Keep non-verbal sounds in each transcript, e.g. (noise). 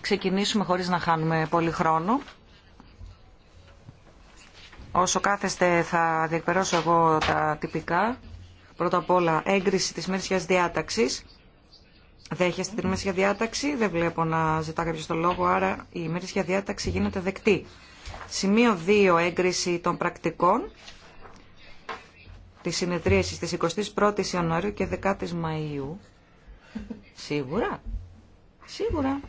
ξεκινήσουμε χωρίς να χάνουμε πολύ χρόνο. Όσο κάθεστε θα διεκπαιρώσω εγώ τα τυπικά. Πρώτα απ' όλα έγκριση της μέρσιας διάταξης. Δέχεστε την μέρσια διάταξη, δεν βλέπω να ζητά κάποιο το λόγο, άρα η μέρσια διάταξη γίνεται δεκτή. Σημείο 2 έγκριση των πρακτικών της συνεδρίασης της 21ης Ιανουαρίου και 10ης Μαΐου. Σίγουρα. Σίγουρα.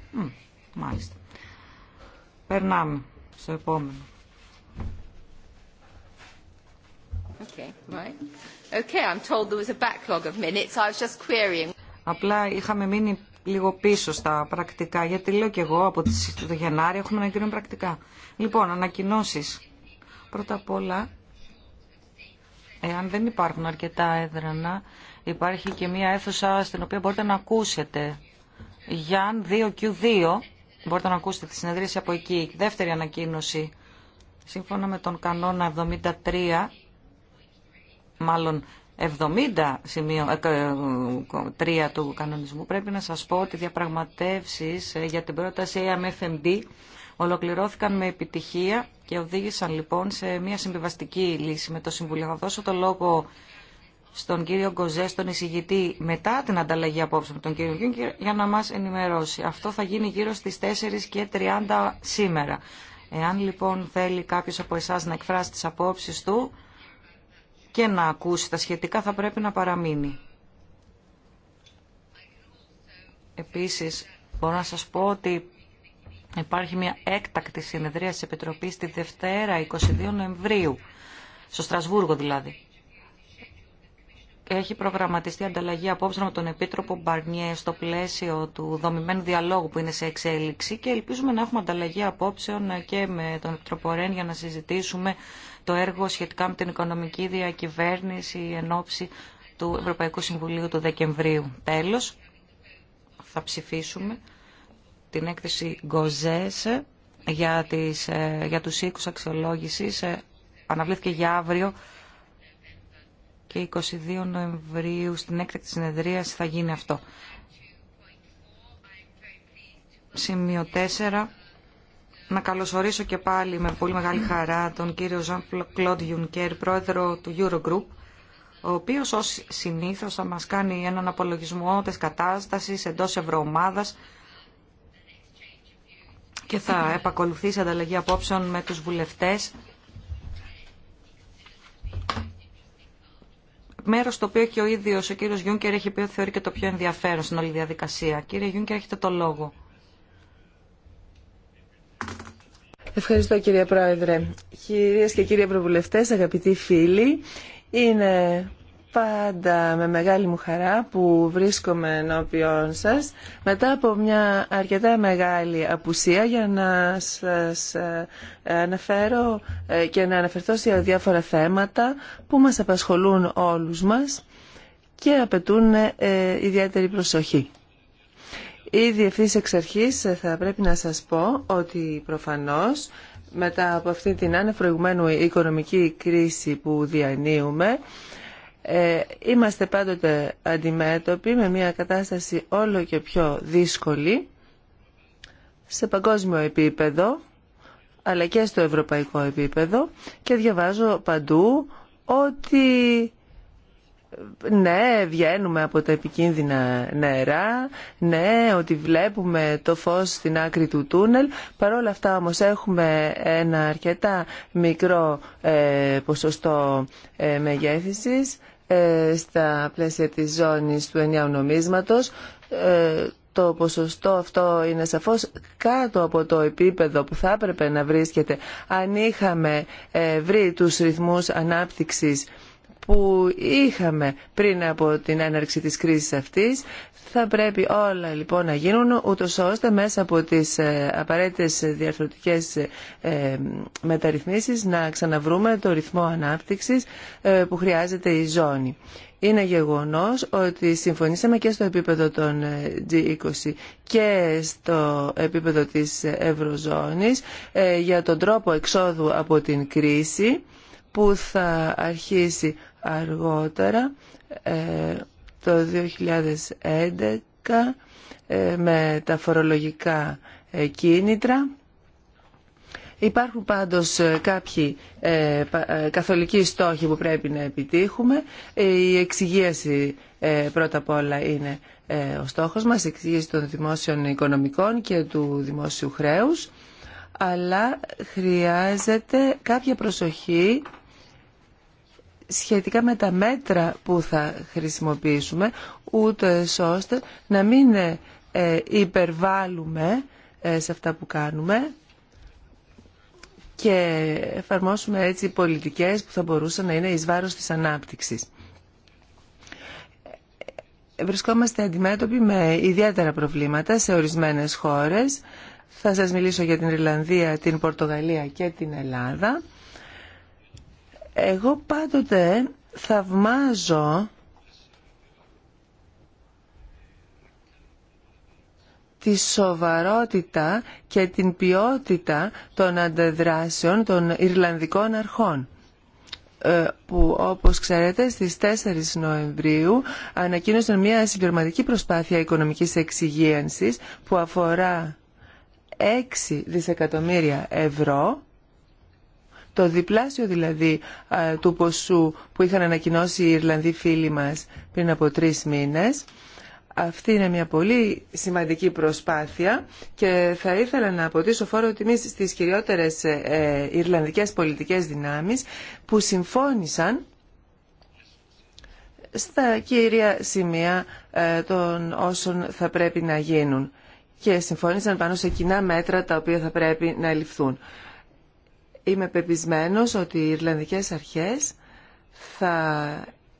μάλιστα. Περνάμε στο επόμενο. Απλά είχαμε μείνει λίγο πίσω στα πρακτικά, γιατί λέω και εγώ από το Γενάρη έχουμε να πρακτικά. Λοιπόν, ανακοινώσεις. Πρώτα απ' όλα, εάν δεν υπάρχουν αρκετά έδρανα, υπάρχει και μία αίθουσα στην οποία μπορείτε να ακούσετε Γιάν 2Q2. Μπορείτε να ακούσετε τη συνεδρίαση από εκεί. Δεύτερη ανακοίνωση. Σύμφωνα με τον κανόνα 73, μάλλον 70 σημείο 3 ε, του κανονισμού, πρέπει να σας πω ότι διαπραγματεύσεις ε, για την πρόταση AMFMD ολοκληρώθηκαν με επιτυχία και οδήγησαν λοιπόν σε μια συμβιβαστική λύση με το Συμβουλίο. Θα δώσω το λόγο στον κύριο Γκοζέ, στον εισηγητή, μετά την ανταλλαγή απόψεων τον κύριο Γιούγκερ, για να μας ενημερώσει. Αυτό θα γίνει γύρω στις 4 και 30 σήμερα. Εάν λοιπόν θέλει κάποιος από εσάς να εκφράσει τις απόψεις του και να ακούσει τα σχετικά, θα πρέπει να παραμείνει. Επίσης, μπορώ να σας πω ότι υπάρχει μια έκτακτη συνεδρία της Επιτροπής τη Δευτέρα, 22 Νοεμβρίου, στο Στρασβούργο δηλαδή έχει προγραμματιστεί ανταλλαγή απόψεων με τον Επίτροπο Μπαρνιέ στο πλαίσιο του δομημένου διαλόγου που είναι σε εξέλιξη και ελπίζουμε να έχουμε ανταλλαγή απόψεων και με τον Επίτροπο Ρέν για να συζητήσουμε το έργο σχετικά με την οικονομική διακυβέρνηση εν ώψη του Ευρωπαϊκού Συμβουλίου του Δεκεμβρίου. Τέλος, θα ψηφίσουμε την έκθεση Γκοζές για, τις, ε, για τους οίκους αξιολόγησης. Ε, αναβλήθηκε για αύριο και 22 Νοεμβρίου στην έκτακτη συνεδρίαση θα γίνει αυτό. Σημείο 4. Να καλωσορίσω και πάλι με πολύ μεγάλη χαρά τον κύριο Ζαν Κλοντ Γιουνκέρ, πρόεδρο του Eurogroup, ο οποίος ως συνήθως θα μας κάνει έναν απολογισμό της κατάστασης εντός ευρωομάδας και θα επακολουθήσει ανταλλαγή απόψεων με τους βουλευτές Μέρο το οποίο και ο ίδιος ο κύριος Γιούνκερ έχει πει ότι θεωρεί και το πιο ενδιαφέρον στην όλη διαδικασία. Κύριε Γιούνκερ, έχετε το λόγο. Ευχαριστώ κύριε Πρόεδρε. Κυρίες και κύριοι Ευρωβουλευτές, αγαπητοί φίλοι, είναι πάντα με μεγάλη μου χαρά που βρίσκομαι ενώπιον σας μετά από μια αρκετά μεγάλη απουσία για να σας ε, αναφέρω ε, και να αναφερθώ σε διάφορα θέματα που μας απασχολούν όλους μας και απαιτούν ε, ιδιαίτερη προσοχή. Ήδη ευθύς εξ αρχής θα πρέπει να σας πω ότι προφανώς μετά από αυτή την άνευ οικονομική κρίση που διανύουμε ε, είμαστε πάντοτε αντιμέτωποι με μια κατάσταση όλο και πιο δύσκολη σε παγκόσμιο επίπεδο αλλά και στο ευρωπαϊκό επίπεδο και διαβάζω παντού ότι ναι, βγαίνουμε από τα επικίνδυνα νερά, ναι, ότι βλέπουμε το φως στην άκρη του τούνελ. παρόλα αυτά όμως έχουμε ένα αρκετά μικρό ε, ποσοστό ε, μεγέθησης. Ε, στα πλαίσια της ζώνης του ενιαίου νομίσματος. Ε, το ποσοστό αυτό είναι σαφώς κάτω από το επίπεδο που θα έπρεπε να βρίσκεται αν είχαμε ε, βρει τους ρυθμούς ανάπτυξης που είχαμε πριν από την έναρξη της κρίσης αυτής. Θα πρέπει όλα λοιπόν να γίνουν ούτω ώστε μέσα από τις ε, απαραίτητες διαρθρωτικές ε, μεταρρυθμίσεις να ξαναβρούμε το ρυθμό ανάπτυξης ε, που χρειάζεται η ζώνη. Είναι γεγονός ότι συμφωνήσαμε και στο επίπεδο των G20 και στο επίπεδο της Ευρωζώνης για τον τρόπο εξόδου από την κρίση που θα αρχίσει αργότερα ε, το 2011 ε, με τα φορολογικά ε, κίνητρα. Υπάρχουν πάντως κάποιοι καθολικοί στόχοι που πρέπει να επιτύχουμε. Η εξυγίαση πρώτα απ' όλα είναι ο στόχος μας, η εξηγίαση των δημόσιων οικονομικών και του δημόσιου χρέους. Αλλά χρειάζεται κάποια προσοχή σχετικά με τα μέτρα που θα χρησιμοποιήσουμε, ούτε ώστε να μην ε, υπερβάλλουμε ε, σε αυτά που κάνουμε και εφαρμόσουμε έτσι πολιτικές που θα μπορούσαν να είναι εις βάρος της ανάπτυξης. Βρισκόμαστε αντιμέτωποι με ιδιαίτερα προβλήματα σε ορισμένες χώρες. Θα σας μιλήσω για την Ιρλανδία, την Πορτογαλία και την Ελλάδα. Εγώ πάντοτε θαυμάζω τη σοβαρότητα και την ποιότητα των αντεδράσεων των Ιρλανδικών αρχών ε, που όπως ξέρετε στις 4 Νοεμβρίου ανακοίνωσαν μια συμπληρωματική προσπάθεια οικονομικής εξυγίανσης που αφορά 6 δισεκατομμύρια ευρώ το διπλάσιο δηλαδή του ποσού που είχαν ανακοινώσει οι Ιρλανδοί φίλοι μας πριν από τρεις μήνες. Αυτή είναι μια πολύ σημαντική προσπάθεια και θα ήθελα να αποτίσω φόρο τιμής στις κυριότερες ε, ε, Ιρλανδικές πολιτικές δυνάμεις που συμφώνησαν στα κύρια σημεία ε, των όσων θα πρέπει να γίνουν και συμφώνησαν πάνω σε κοινά μέτρα τα οποία θα πρέπει να ληφθούν είμαι πεπισμένος ότι οι Ιρλανδικές αρχές θα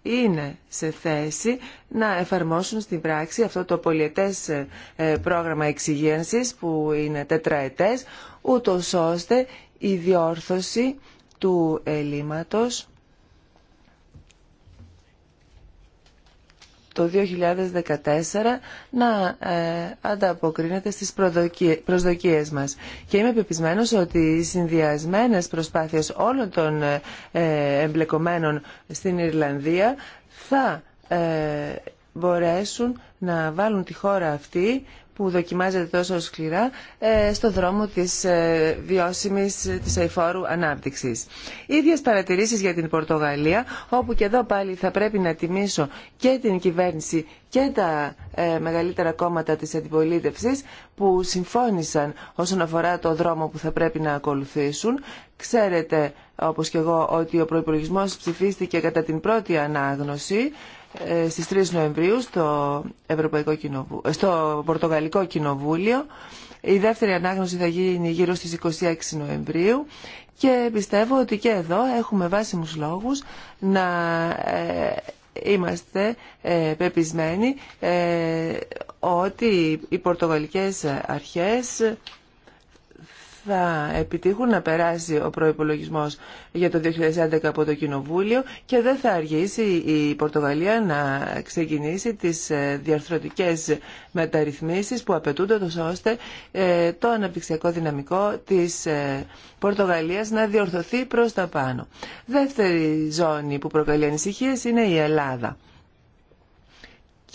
είναι σε θέση να εφαρμόσουν στην πράξη αυτό το πολιετές ε, πρόγραμμα εξυγένσης που είναι τετραετές, ούτως ώστε η διόρθωση του ελλείμματος το 2014 να ε, ανταποκρίνεται στις προσδοκίες μας. Και είμαι πεπισμένος ότι οι συνδυασμένες προσπάθειες όλων των ε, εμπλεκομένων στην Ιρλανδία θα ε, μπορέσουν να βάλουν τη χώρα αυτή που δοκιμάζεται τόσο σκληρά ε, στο δρόμο της ε, βιώσιμης της αηφόρου ανάπτυξης. Ίδιες παρατηρήσεις για την Πορτογαλία, όπου και εδώ πάλι θα πρέπει να τιμήσω και την κυβέρνηση και τα ε, μεγαλύτερα κόμματα της αντιπολίτευσης που συμφώνησαν όσον αφορά το δρόμο που θα πρέπει να ακολουθήσουν. Ξέρετε, όπως και εγώ, ότι ο προϋπολογισμός ψηφίστηκε κατά την πρώτη ανάγνωση ε, στις 3 Νοεμβρίου στο, Ευρωπαϊκό Κοινοβούλιο, ε, στο Πορτογαλικό Κοινοβούλιο. Η δεύτερη ανάγνωση θα γίνει γύρω στις 26 Νοεμβρίου και πιστεύω ότι και εδώ έχουμε βάσιμους λόγους να ε, είμαστε πεπισμένοι ότι οι πορτογαλικές αρχές θα επιτύχουν να περάσει ο προϋπολογισμός για το 2011 από το Κοινοβούλιο και δεν θα αργήσει η Πορτογαλία να ξεκινήσει τις ε, διαρθρωτικές μεταρρυθμίσεις που απαιτούνται τόσο ώστε ε, το αναπτυξιακό δυναμικό της ε, Πορτογαλίας να διορθωθεί προς τα πάνω. Δεύτερη ζώνη που προκαλεί ανησυχίες είναι η Ελλάδα.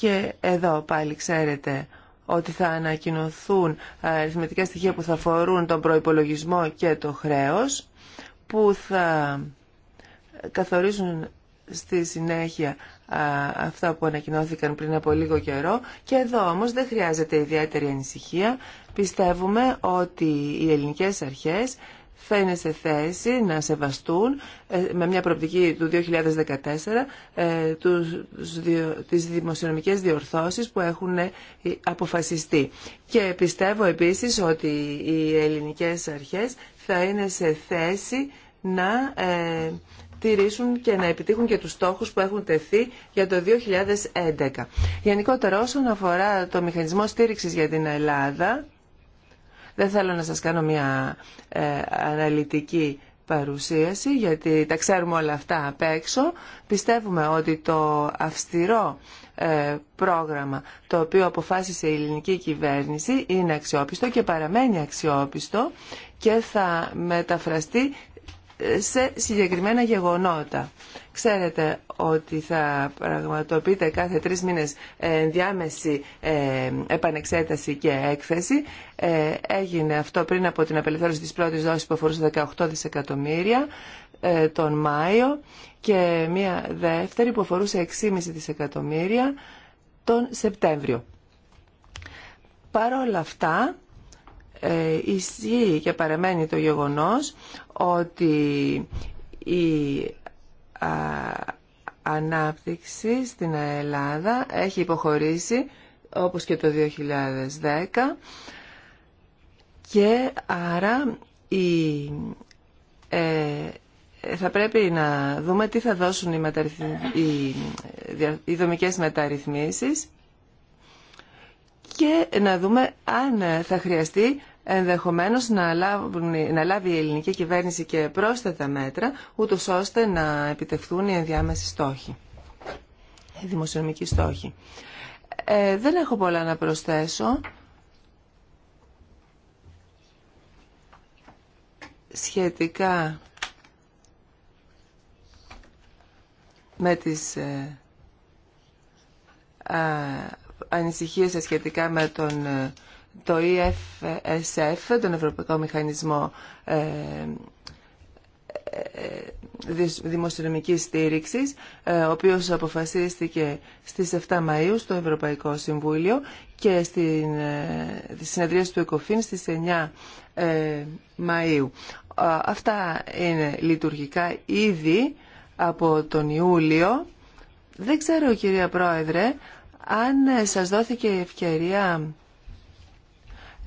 Και εδώ πάλι ξέρετε ότι θα ανακοινωθούν αριθμητικά στοιχεία που θα αφορούν τον προϋπολογισμό και το χρέος, που θα καθορίσουν στη συνέχεια αυτά που ανακοινώθηκαν πριν από λίγο καιρό. Και εδώ όμως δεν χρειάζεται ιδιαίτερη ανησυχία. Πιστεύουμε ότι οι ελληνικές αρχές θα είναι σε θέση να σεβαστούν ε, με μια προοπτική του 2014 ε, τους, τις δημοσιονομικές διορθώσεις που έχουν ε, αποφασιστεί. Και πιστεύω επίσης ότι οι ελληνικές αρχές θα είναι σε θέση να τηρήσουν και να επιτύχουν και τους στόχους που έχουν τεθεί για το 2011. Γενικότερα όσον αφορά το μηχανισμό στήριξης για την Ελλάδα, δεν θέλω να σας κάνω μια ε, αναλυτική παρουσίαση, γιατί τα ξέρουμε όλα αυτά απ' έξω. Πιστεύουμε ότι το αυστηρό ε, πρόγραμμα το οποίο αποφάσισε η ελληνική κυβέρνηση είναι αξιόπιστο και παραμένει αξιόπιστο και θα μεταφραστεί σε συγκεκριμένα γεγονότα. Ξέρετε ότι θα πραγματοποιείτε κάθε τρεις μήνες ε, διάμεση ε, επανεξέταση και έκθεση. Ε, έγινε αυτό πριν από την απελευθέρωση της πρώτης δόσης που αφορούσε 18 δισεκατομμύρια τον Μάιο και μία δεύτερη που αφορούσε 6,5 δισεκατομμύρια τον Σεπτέμβριο. Παρ' όλα αυτά, ε, ισχύει και παραμένει το γεγονός ότι η ανάπτυξη στην Ελλάδα έχει υποχωρήσει όπως και το 2010 και άρα η, ε, θα πρέπει να δούμε τι θα δώσουν οι, μεταρρυθμι... οι... Ε, οι δομικές μεταρρυθμίσεις και να δούμε αν θα χρειαστεί ενδεχομένως να, λάβει η ελληνική κυβέρνηση και πρόσθετα μέτρα, ούτως ώστε να επιτευχθούν οι ενδιάμεσοι στόχοι, οι δημοσιονομικοί στόχοι. Ε, δεν έχω πολλά να προσθέσω. Σχετικά με τις ε, ανησυχίες σχετικά με τον, ε, το EFSF, τον Ευρωπαϊκό Μηχανισμό ε, ε, ε δημοσιονομικής στήριξης, ο οποίος αποφασίστηκε στις 7 Μαΐου στο Ευρωπαϊκό Συμβούλιο και στη συνεδρία του ΕΚΟΦΗΝ στις 9 Μαΐου. Αυτά είναι λειτουργικά ήδη από τον Ιούλιο. Δεν ξέρω, κυρία Πρόεδρε, αν σας δόθηκε η ευκαιρία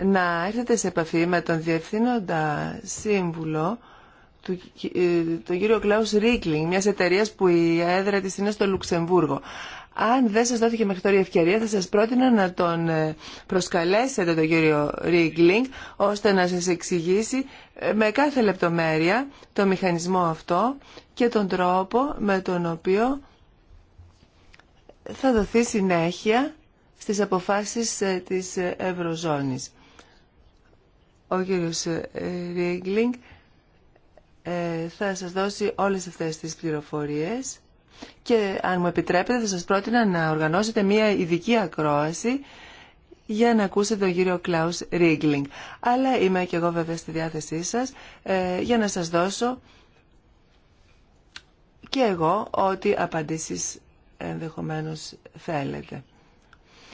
να έρθετε σε επαφή με τον Διευθύνοντα Σύμβουλο, του, ε, τον κύριο Κλάους Ρίκλινγκ, μιας εταιρείας που η έδρα της είναι στο Λουξεμβούργο. Αν δεν σας δόθηκε μέχρι τώρα η ευκαιρία, θα σας πρότεινα να τον ε, προσκαλέσετε τον κύριο Ρίγκλινγκ, ώστε να σας εξηγήσει ε, με κάθε λεπτομέρεια το μηχανισμό αυτό και τον τρόπο με τον οποίο θα δοθεί συνέχεια στις αποφάσεις ε, της ε, Ευρωζώνης. Ο κύριος Ρίγκλινγκ ε, θα σας δώσει όλες αυτές τις πληροφορίες και αν μου επιτρέπετε θα σας πρότεινα να οργανώσετε μία ειδική ακρόαση για να ακούσετε τον κύριο Κλάους Ρίγκλινγκ. Αλλά είμαι και εγώ βέβαια στη διάθεσή σας για να σας δώσω και εγώ ό,τι απαντήσεις ενδεχομένως θέλετε.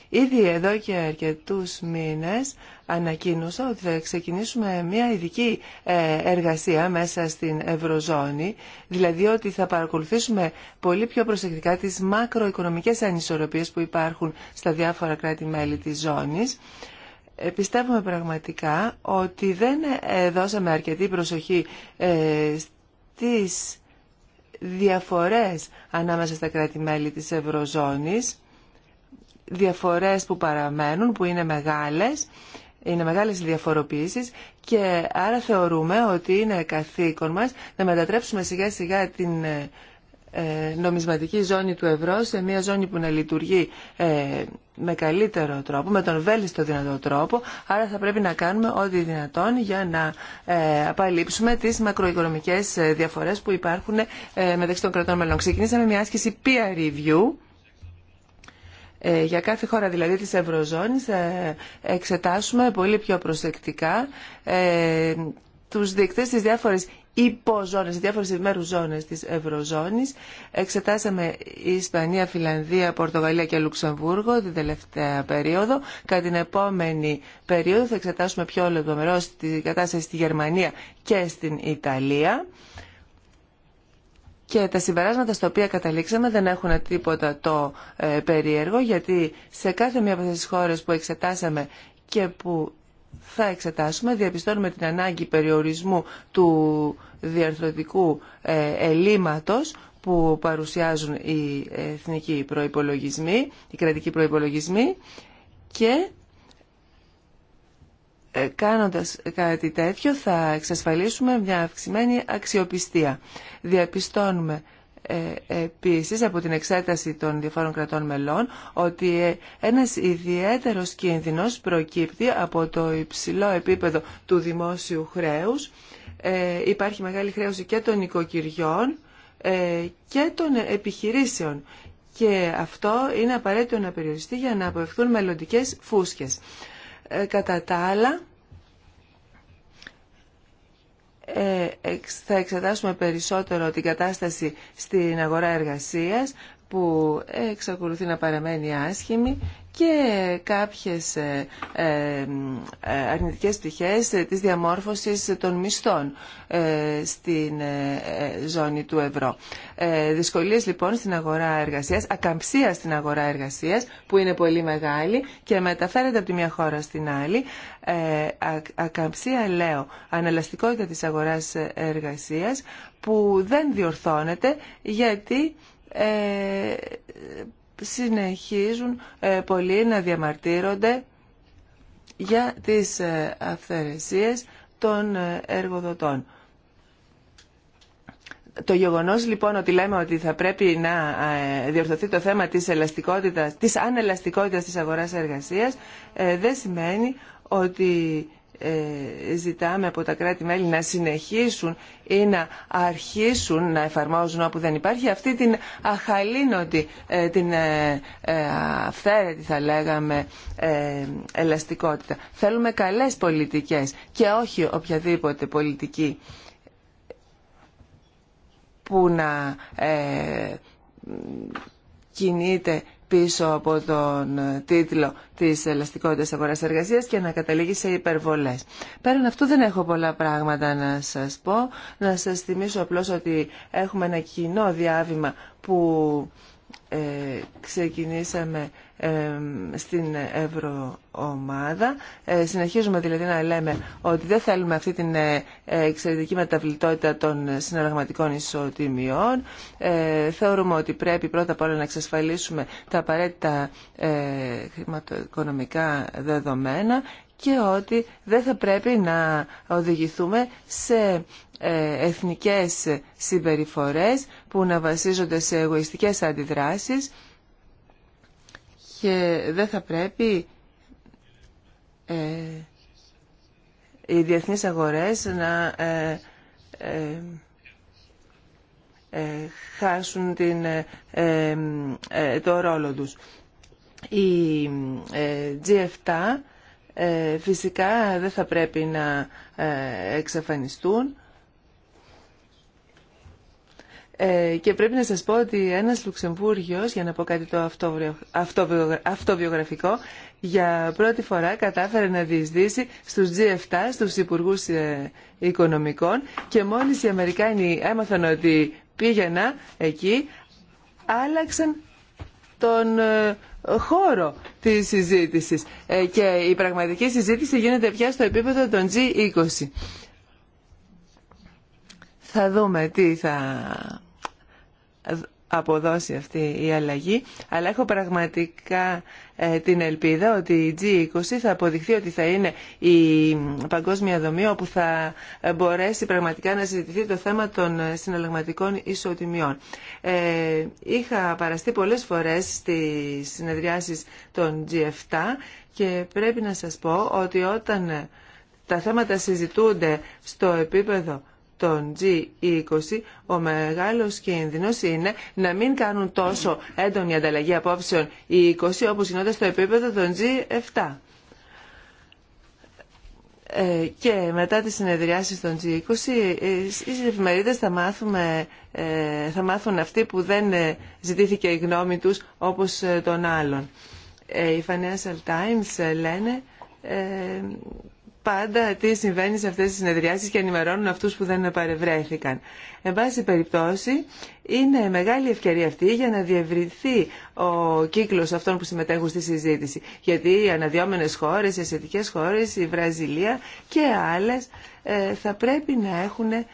Ήδη εδώ και αρκετούς μήνες ανακοίνωσα ότι θα ξεκινήσουμε μια ειδική ε, εργασία μέσα στην Ευρωζώνη, δηλαδή ότι θα παρακολουθήσουμε πολύ πιο προσεκτικά τις μακροοικονομικές ανισορροπίες που υπάρχουν στα διάφορα κράτη-μέλη της ζώνης. Ε, πιστεύουμε πραγματικά ότι δεν ε, δώσαμε αρκετή προσοχή στις διαφορές ανάμεσα στα κράτη-μέλη της Ευρωζώνης, διαφορές που παραμένουν, που είναι μεγάλες, είναι μεγάλες διαφοροποιήσεις και άρα θεωρούμε ότι είναι καθήκον μας να μετατρέψουμε σιγά σιγά την ε, ε, νομισματική ζώνη του ευρώ σε μια ζώνη που να λειτουργεί ε, με καλύτερο τρόπο, με τον στο δυνατό τρόπο. Άρα θα πρέπει να κάνουμε ό,τι δυνατόν για να ε, απαλείψουμε τις μακροοικονομικές διαφορές που υπάρχουν μεταξύ των κρατών μελών. Ξεκινήσαμε μια άσκηση peer review για κάθε χώρα δηλαδή της Ευρωζώνης εξετάσουμε πολύ πιο προσεκτικά τους δείκτες, τις διάφορες υποζώνες, διάφορες μέρου ζώνες της Ευρωζώνης. Εξετάσαμε Ισπανία, Φιλανδία, Πορτογαλία και Λουξεμβούργο την τελευταία περίοδο. Κατά την επόμενη περίοδο θα εξετάσουμε πιο λεπτομερώς τη κατάσταση στη Γερμανία και στην Ιταλία. Και τα συμπεράσματα στα οποία καταλήξαμε δεν έχουν τίποτα το ε, περίεργο, γιατί σε κάθε μία από τις χώρες που εξετάσαμε και που θα εξετάσουμε, διαπιστώνουμε την ανάγκη περιορισμού του διαρθρωτικού ε, ελλείμματος που παρουσιάζουν οι εθνικοί προϋπολογισμοί, οι κρατικοί προϋπολογισμοί και ε, κάνοντας κάτι τέτοιο θα εξασφαλίσουμε μια αυξημένη αξιοπιστία. Διαπιστώνουμε ε, επίσης από την εξέταση των διαφόρων κρατών μελών ότι ε, ένας ιδιαίτερος κίνδυνος προκύπτει από το υψηλό επίπεδο του δημόσιου χρέους. Ε, υπάρχει μεγάλη χρέωση και των οικοκυριών και των επιχειρήσεων και αυτό είναι απαραίτητο να περιοριστεί για να αποευθούν μελλοντικές φούσκες. Κατά τα άλλα, ε, θα εξετάσουμε περισσότερο την κατάσταση στην αγορά εργασίας που εξακολουθεί να παραμένει άσχημη και κάποιες ε, ε, ε, αρνητικές πτυχές της διαμόρφωσης των μισθών στην ζώνη του ευρώ. Δυσκολίες λοιπόν στην αγορά εργασίας, ακαμψία στην αγορά εργασίας που είναι πολύ μεγάλη και μεταφέρεται από τη μια χώρα στην άλλη. Ακαμψία λέω, αναλαστικότητα της αγοράς εργασίας που δεν διορθώνεται γιατί ε, συνεχίζουν ε, πολλοί να διαμαρτύρονται για τις ε, των ε, εργοδοτών. Το γεγονός λοιπόν ότι λέμε ότι θα πρέπει να ε, διορθωθεί το θέμα της ελαστικότητας, της ανελαστικότητας της αγοράς εργασίας δεν σημαίνει ότι ε, ζητάμε από τα κράτη-μέλη να συνεχίσουν ή να αρχίσουν να εφαρμόζουν όπου δεν υπάρχει αυτή την αχαλήνοτη, ε, την ε, αυθαίρετη θα λέγαμε ελαστικότητα. Θέλουμε καλές πολιτικές και όχι οποιαδήποτε πολιτική που να κινείται πίσω από τον ε, τίτλο της ελαστικότητας αγοράς εργασίας και να καταλήγει σε υπερβολές. Πέραν αυτού δεν έχω πολλά πράγματα να σας πω. Να σας θυμίσω απλώς ότι έχουμε ένα κοινό διάβημα που ε, ξεκινήσαμε ε, στην Ευρωομάδα. Ε, συνεχίζουμε δηλαδή να λέμε ότι δεν θέλουμε αυτή την ε, εξαιρετική μεταβλητότητα των συναλλαγματικών ισοτιμιών. θεωρούμε ότι πρέπει πρώτα απ' όλα να εξασφαλίσουμε τα απαραίτητα χρηματοοικονομικά δεδομένα και ότι δεν θα πρέπει να οδηγηθούμε σε εθνικές συμπεριφορές που να βασίζονται σε εγωιστικές αντιδράσεις και δεν θα πρέπει ε, οι διεθνείς αγορές να ε, ε, χάσουν την, το ρόλο τους. Η G7 φυσικά δεν θα πρέπει να εξαφανιστούν ε, και πρέπει να σας πω ότι ένας Λουξεμβούργιος, για να πω κάτι το αυτοβιογραφικό, για πρώτη φορά κατάφερε να διεισδύσει στους G7, στους Υπουργούς ε, Οικονομικών και μόλις οι Αμερικάνοι έμαθαν ότι πήγαινα εκεί, άλλαξαν τον ε, χώρο της συζήτησης και η πραγματική συζήτηση γίνεται πια στο επίπεδο των G20. Θα δούμε τι θα αποδώσει αυτή η αλλαγή, αλλά έχω πραγματικά ε, την ελπίδα ότι η G20 θα αποδειχθεί ότι θα είναι η παγκόσμια δομή όπου θα μπορέσει πραγματικά να συζητηθεί το θέμα των συναλλαγματικών ισοτιμιών. Ε, είχα παραστεί πολλές φορές στις συνεδριάσεις των G7 και πρέπει να σας πω ότι όταν τα θέματα συζητούνται στο επίπεδο τον G20 ο μεγάλος κίνδυνος είναι να μην κάνουν τόσο έντονη ανταλλαγή απόψεων οι 20 όπως γινόταν στο επίπεδο των G7. Ε, και μετά τις συνεδριάσεις των G20, ε, στις εφημερίδες θα, μάθουμε, ε, θα μάθουν αυτοί που δεν ζητήθηκε η γνώμη τους όπως των άλλων. Οι Financial Times λένε πάντα τι συμβαίνει σε αυτές τις συνεδριάσεις και ενημερώνουν αυτούς που δεν παρευρέθηκαν. Εν πάση περιπτώσει, είναι μεγάλη ευκαιρία αυτή για να διευρυνθεί ο κύκλος αυτών που συμμετέχουν στη συζήτηση. Γιατί οι αναδυόμενες χώρες, οι ασιατικές χώρες, η Βραζιλία και άλλες ε, θα πρέπει να έχουν ε,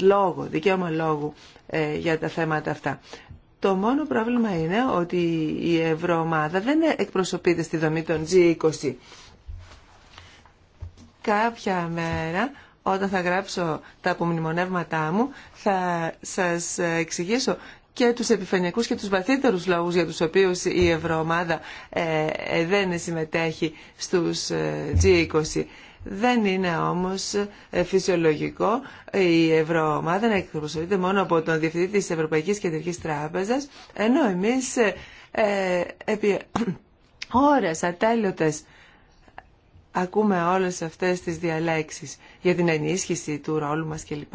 λόγο, δικαίωμα λόγου ε, για τα θέματα αυτά. Το μόνο πρόβλημα είναι ότι η Ευρωομάδα δεν εκπροσωπείται στη δομή των G20 κάποια μέρα όταν θα γράψω τα απομνημονεύματά μου θα σας εξηγήσω και τους επιφανειακούς και τους βαθύτερους λόγους για τους οποίους η Ευρωομάδα ε, ε, δεν συμμετέχει στους ε, G20. Δεν είναι όμως φυσιολογικό η Ευρωομάδα να εκπροσωπείται μόνο από τον Διευθυντή της Ευρωπαϊκής Κεντρικής Τράπεζας, ενώ εμείς επί (clears throat) ώρες ατέλειωτες ακούμε όλες αυτές τις διαλέξεις για την ενίσχυση του ρόλου μας κλπ.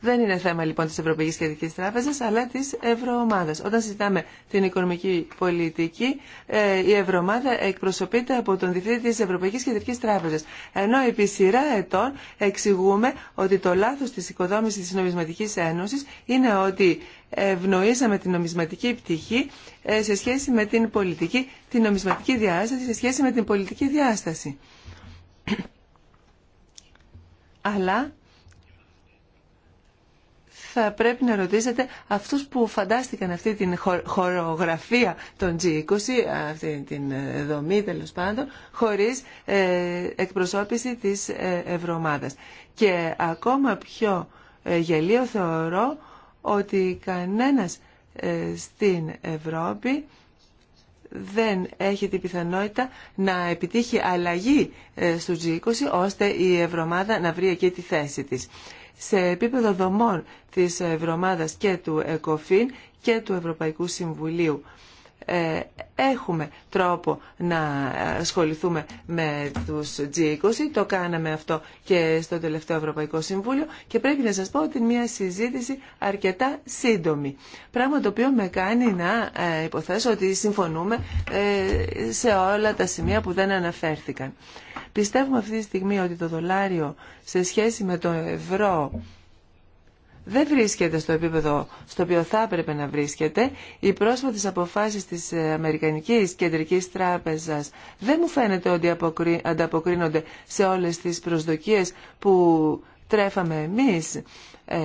Δεν είναι θέμα λοιπόν της Ευρωπαϊκής Κεντρικής Τράπεζας, αλλά της Ευρωομάδας. Όταν συζητάμε την οικονομική πολιτική, ε, η Ευρωομάδα εκπροσωπείται από τον διευθύντη της Ευρωπαϊκής Κεντρικής Τράπεζας. Ενώ επί σειρά ετών εξηγούμε ότι το λάθος της οικοδόμησης της Νομισματικής Ένωσης είναι ότι ευνοήσαμε την νομισματική πτυχή ε, σε σχέση με την πολιτική, την νομισματική διάσταση σε σχέση με την πολιτική διάσταση. (clears throat) Αλλά θα πρέπει να ρωτήσετε αυτούς που φαντάστηκαν αυτή την χορογραφία των G20, αυτή την ε, δομή τέλο πάντων, χωρίς ε, εκπροσώπηση της ευρωομάδας. Και ακόμα πιο γελίο θεωρώ ότι κανένας ε, στην Ευρώπη δεν έχει την πιθανότητα να επιτύχει αλλαγή ε, στους G20 ώστε η Ευρωμάδα να βρει εκεί τη θέση της. Σε επίπεδο δομών της Ευρωμάδας και του ΕΚΟΦΗΝ και του Ευρωπαϊκού Συμβουλίου ε, έχουμε τρόπο να ασχοληθούμε με τους G20. Το κάναμε αυτό και στο τελευταίο Ευρωπαϊκό Συμβούλιο και πρέπει να σας πω ότι είναι μια συζήτηση αρκετά σύντομη. Πράγμα το οποίο με κάνει να ε, υποθέσω ότι συμφωνούμε ε, σε όλα τα σημεία που δεν αναφέρθηκαν. Πιστεύουμε αυτή τη στιγμή ότι το δολάριο σε σχέση με το ευρώ δεν βρίσκεται στο επίπεδο στο οποίο θα έπρεπε να βρίσκεται. Οι πρόσφατες αποφάσεις της Αμερικανικής Κεντρικής Τράπεζας δεν μου φαίνεται ότι ανταποκρίνονται σε όλες τις προσδοκίες που τρέφαμε εμείς ε,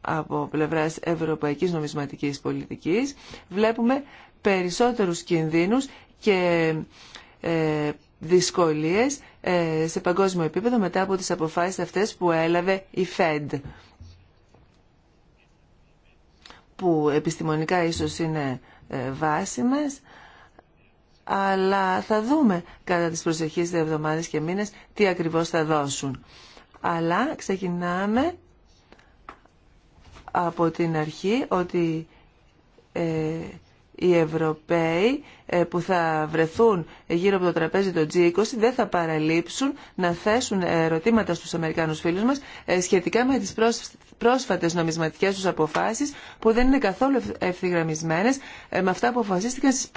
από πλευράς Ευρωπαϊκής Νομισματικής Πολιτικής. Βλέπουμε περισσότερους κινδύνους και ε, δυσκολίες ε, σε παγκόσμιο επίπεδο μετά από τις αποφάσεις αυτές που έλαβε η ΦΕΔ που επιστημονικά ίσως είναι ε, βάσιμες, αλλά θα δούμε κατά τις προσεχείς εβδομάδες και μήνες τι ακριβώς θα δώσουν. Αλλά ξεκινάμε από την αρχή ότι ε, οι Ευρωπαίοι ε, που θα βρεθούν γύρω από το τραπέζι των G20 δεν θα παραλείψουν να θέσουν ερωτήματα στους Αμερικάνους φίλους μας σχετικά με τις πρόσφατες νομισματικές τους αποφάσεις που δεν είναι καθόλου ευθυγραμμισμένες ε, με αυτά που αποφασίστηκαν στις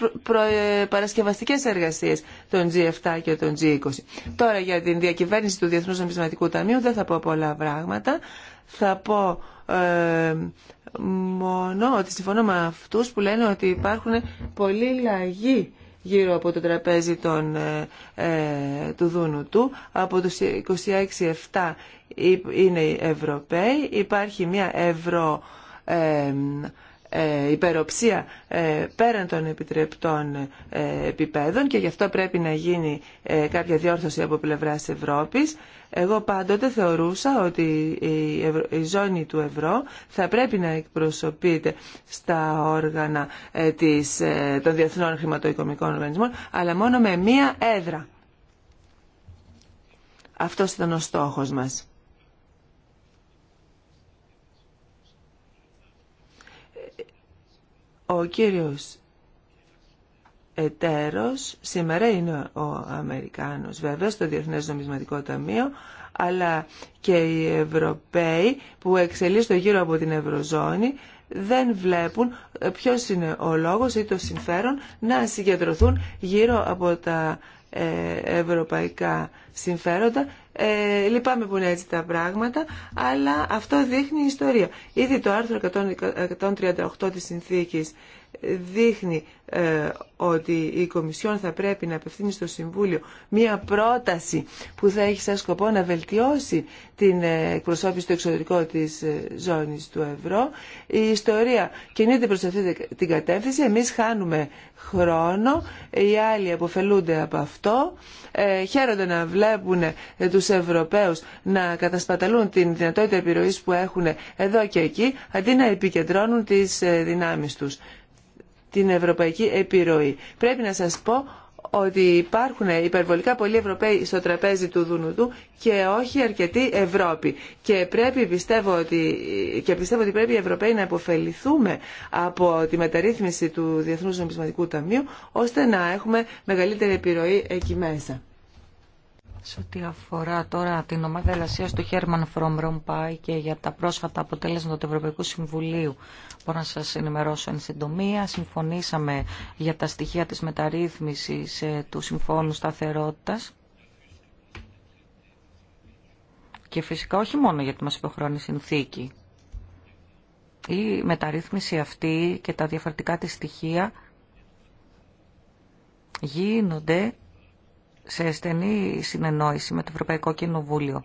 ε, παρασκευαστικές εργασίες των G7 και των G20. Τώρα για την διακυβέρνηση του Διεθνούς Νομισματικού Ταμείου δεν θα πω πολλά πράγματα. Θα πω ε, μόνο ότι συμφωνώ με αυτούς που λένε ότι υπάρχουν πολλοί λαγοί γύρω από το τραπέζι των, ε, ε, του Δούνου του. Από τους 26-7 είναι οι Ευρωπαίοι. Υπάρχει μια ευρώ... Ε, ε, υπεροψία ε, πέραν των επιτρεπτών ε, επιπέδων και γι' αυτό πρέπει να γίνει κάποια διόρθωση από πλευράς Ευρώπης. Εγώ πάντοτε θεωρούσα ότι η ζώνη του ευρώ θα πρέπει να εκπροσωπείται στα όργανα των διεθνών χρηματοοικονομικών οργανισμών, αλλά μόνο με μία έδρα. Αυτός ήταν ο στόχος μας. Ο κύριος εταίρος σήμερα είναι ο Αμερικάνος βέβαια στο Διεθνές Νομισματικό Ταμείο αλλά και οι Ευρωπαίοι που εξελίσσονται γύρω από την Ευρωζώνη δεν βλέπουν ποιος είναι ο λόγος ή το συμφέρον να συγκεντρωθούν γύρω από τα ε, ευρωπαϊκά συμφέροντα. Ε, λυπάμαι που είναι έτσι τα πράγματα, αλλά αυτό δείχνει η ιστορία. Ήδη το άρθρο 138 της συνθήκης δείχνει ε, ότι η Κομισιόν θα πρέπει να απευθύνει στο Συμβούλιο μία πρόταση που θα έχει σαν σκοπό να βελτιώσει την ε, εκπροσώπηση στο εξωτερικό της ε, ζώνης του ευρώ. Η ιστορία κινείται προς αυτή την κατεύθυνση. Εμείς χάνουμε χρόνο, οι άλλοι αποφελούνται από αυτό, ε, χαίρονται να βλέπουν τους Ευρωπαίους να κατασπαταλούν την δυνατότητα επιρροής που έχουν εδώ και εκεί, αντί να επικεντρώνουν τις δυνάμεις τους την ευρωπαϊκή επιρροή. Πρέπει να σας πω ότι υπάρχουν υπερβολικά πολλοί Ευρωπαίοι στο τραπέζι του Δουνουτού και όχι αρκετή Ευρώπη. Και, πρέπει, πιστεύω ότι, και πιστεύω ότι πρέπει οι Ευρωπαίοι να υποφεληθούμε από τη μεταρρύθμιση του Διεθνούς Νομισματικού Ταμείου ώστε να έχουμε μεγαλύτερη επιρροή εκεί μέσα. Σε ό,τι αφορά τώρα την ομάδα εργασία του Χέρμαν και για τα πρόσφατα αποτέλεσματα του Ευρωπαϊκού Συμβουλίου, μπορώ να σας ενημερώσω εν συντομία. Συμφωνήσαμε για τα στοιχεία της μεταρρύθμισης ε, του Συμφώνου Σταθερότητας Και φυσικά όχι μόνο γιατί μας υποχρώνει συνθήκη. Η μεταρρύθμιση αυτή και τα διαφορετικά της στοιχεία γίνονται σε στενή συνεννόηση με το Ευρωπαϊκό Κοινοβούλιο.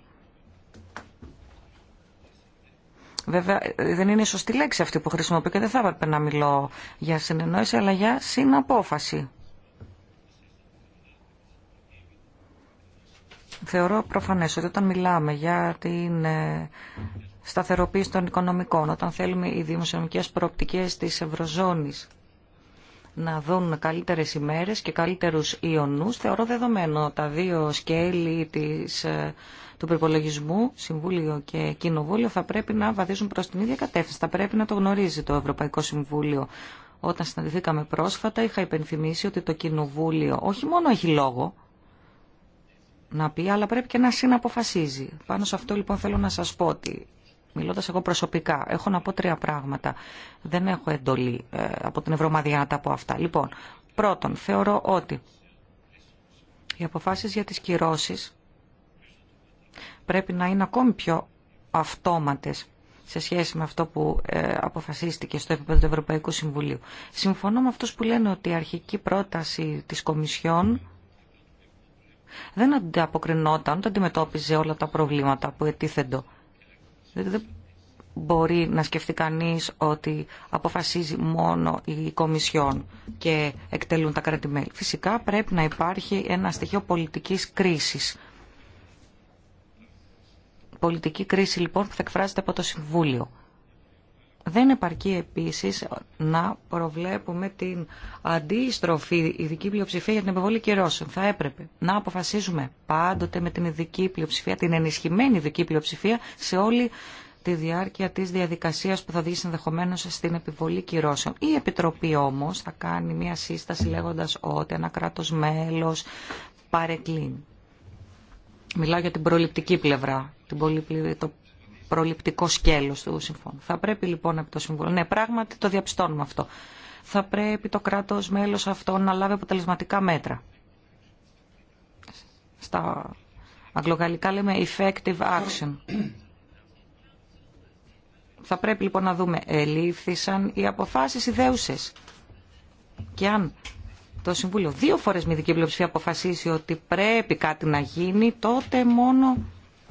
Βέβαια, δεν είναι η σωστή λέξη αυτή που χρησιμοποιώ και δεν θα έπρεπε να μιλώ για συνεννόηση, αλλά για συναπόφαση. Θεωρώ προφανές ότι όταν μιλάμε για την ε, σταθεροποίηση των οικονομικών, όταν θέλουμε οι δημοσιονομικές προοπτικές της Ευρωζώνης να δουν καλύτερες ημέρες και καλύτερους ιονούς. Θεωρώ δεδομένο τα δύο σκέλη της, ε, του προπολογισμού, Συμβούλιο και Κοινοβούλιο, θα πρέπει να βαδίζουν προς την ίδια κατεύθυνση. Θα πρέπει να το γνωρίζει το Ευρωπαϊκό Συμβούλιο. Όταν συναντηθήκαμε πρόσφατα είχα υπενθυμίσει ότι το Κοινοβούλιο όχι μόνο έχει λόγο, να πει, αλλά πρέπει και να συναποφασίζει. Πάνω σε αυτό λοιπόν θέλω να σας πω ότι μιλώντας εγώ προσωπικά, έχω να πω τρία πράγματα. Δεν έχω εντολή ε, από την Ευρωμαδία να τα πω αυτά. Λοιπόν, πρώτον, θεωρώ ότι οι αποφάσεις για τις κυρώσεις πρέπει να είναι ακόμη πιο αυτόματες σε σχέση με αυτό που ε, αποφασίστηκε στο επίπεδο του Ευρωπαϊκού Συμβουλίου. Συμφωνώ με αυτούς που λένε ότι η αρχική πρόταση της Κομισιόν δεν ανταποκρινόταν, δεν αντιμετώπιζε όλα τα προβλήματα που ετίθεντο Δηλαδή, δεν μπορεί να σκεφτεί κανείς ότι αποφασίζει μόνο η Κομισιόν και εκτελούν τα κράτη-μέλη. Φυσικά πρέπει να υπάρχει ένα στοιχείο πολιτικής κρίσης. Πολιτική κρίση λοιπόν που θα εκφράζεται από το Συμβούλιο. Δεν επαρκεί επίσης να προβλέπουμε την αντίστροφη ειδική πλειοψηφία για την επιβολή κυρώσεων. Θα έπρεπε να αποφασίζουμε πάντοτε με την ειδική πλειοψηφία, την ενισχυμένη ειδική πλειοψηφία σε όλη τη διάρκεια της διαδικασίας που θα οδηγήσει ενδεχομένω στην επιβολή κυρώσεων. Η Επιτροπή όμως θα κάνει μια σύσταση λέγοντας ότι ένα κράτος μέλος παρεκκλίνει. Μιλάω για την προληπτική πλευρά, την προληπτικό σκέλος του συμφώνου. Θα πρέπει λοιπόν από το Συμβούλιο, ναι πράγματι το διαπιστώνουμε αυτό, θα πρέπει το κράτος μέλος αυτό να λάβει αποτελεσματικά μέτρα. Στα αγγλογαλλικά λέμε effective action. Θα πρέπει λοιπόν να δούμε ελήφθησαν οι αποφάσεις ιδέουσες. Και αν το Συμβούλιο δύο φορές με δική πλειοψηφία αποφασίσει ότι πρέπει κάτι να γίνει, τότε μόνο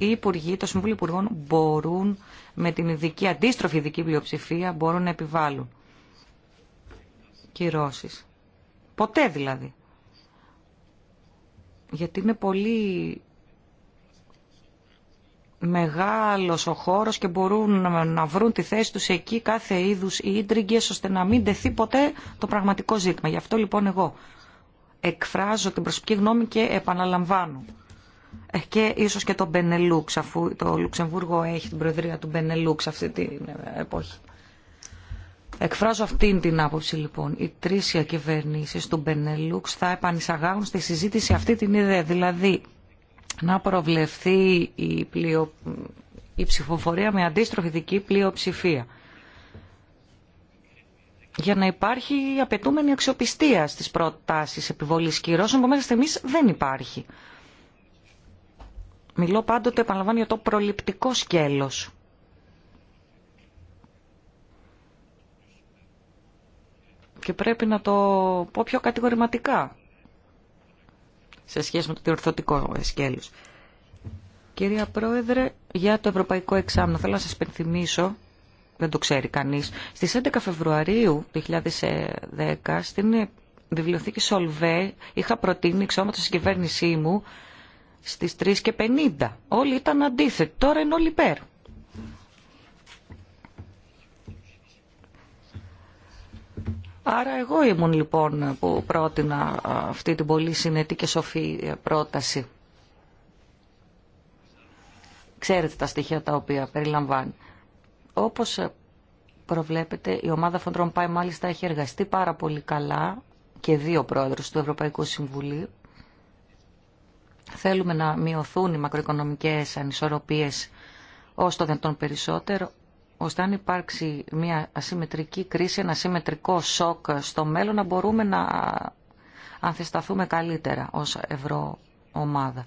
οι υπουργοί, το Συμβούλιο Υπουργών μπορούν με την ειδική, αντίστροφη ειδική πλειοψηφία μπορούν να επιβάλλουν κυρώσεις. Ποτέ δηλαδή. Γιατί είναι πολύ μεγάλος ο χώρος και μπορούν να βρουν τη θέση τους εκεί κάθε είδους ίντριγγες ώστε να μην τεθεί ποτέ το πραγματικό ζήτημα. Γι' αυτό λοιπόν εγώ εκφράζω την προσωπική γνώμη και επαναλαμβάνω ε, και ίσως και το Μπενελούξ, αφού το Λουξεμβούργο έχει την προεδρία του Μπενελούξ αυτή την ε, εποχή. Εκφράζω αυτήν την άποψη λοιπόν. Οι τρει διακυβερνήσει του Μπενελούξ θα επανεισαγάγουν στη συζήτηση αυτή την ιδέα. Δηλαδή να προβλεφθεί η, πλειο... η ψηφοφορία με αντίστροφη δική πλειοψηφία. Για να υπάρχει απαιτούμενη αξιοπιστία στις προτάσεις επιβολής κυρώσεων που μέχρι δεν υπάρχει. Μιλώ πάντοτε, επαναλαμβάνω, για το προληπτικό σκέλος. Και πρέπει να το πω πιο κατηγορηματικά σε σχέση με το διορθωτικό σκέλος. Κυρία Πρόεδρε, για το Ευρωπαϊκό Εξάμεινο θέλω να σας πενθυμίσω, δεν το ξέρει κανείς, στις 11 Φεβρουαρίου 2010 στην βιβλιοθήκη Σολβέ είχα προτείνει εξώματος στην κυβέρνησή μου στις 3 και 50. Όλοι ήταν αντίθετοι, τώρα είναι όλοι υπέρ. Άρα εγώ ήμουν λοιπόν που πρότεινα αυτή την πολύ συνετή και σοφή ε, πρόταση. Ξέρετε τα στοιχεία τα οποία περιλαμβάνει. Όπως ε, προβλέπετε η ομάδα Φοντρομπάη μάλιστα έχει εργαστεί πάρα πολύ καλά και δύο πρόεδρους του Ευρωπαϊκού Συμβουλίου Θέλουμε να μειωθούν οι μακροοικονομικές ανισορροπίες ως το δυνατόν περισσότερο, ώστε αν υπάρξει μια ασυμμετρική κρίση, ένα ασυμμετρικό σοκ στο μέλλον, να μπορούμε να ανθεσταθούμε καλύτερα ως ομάδα.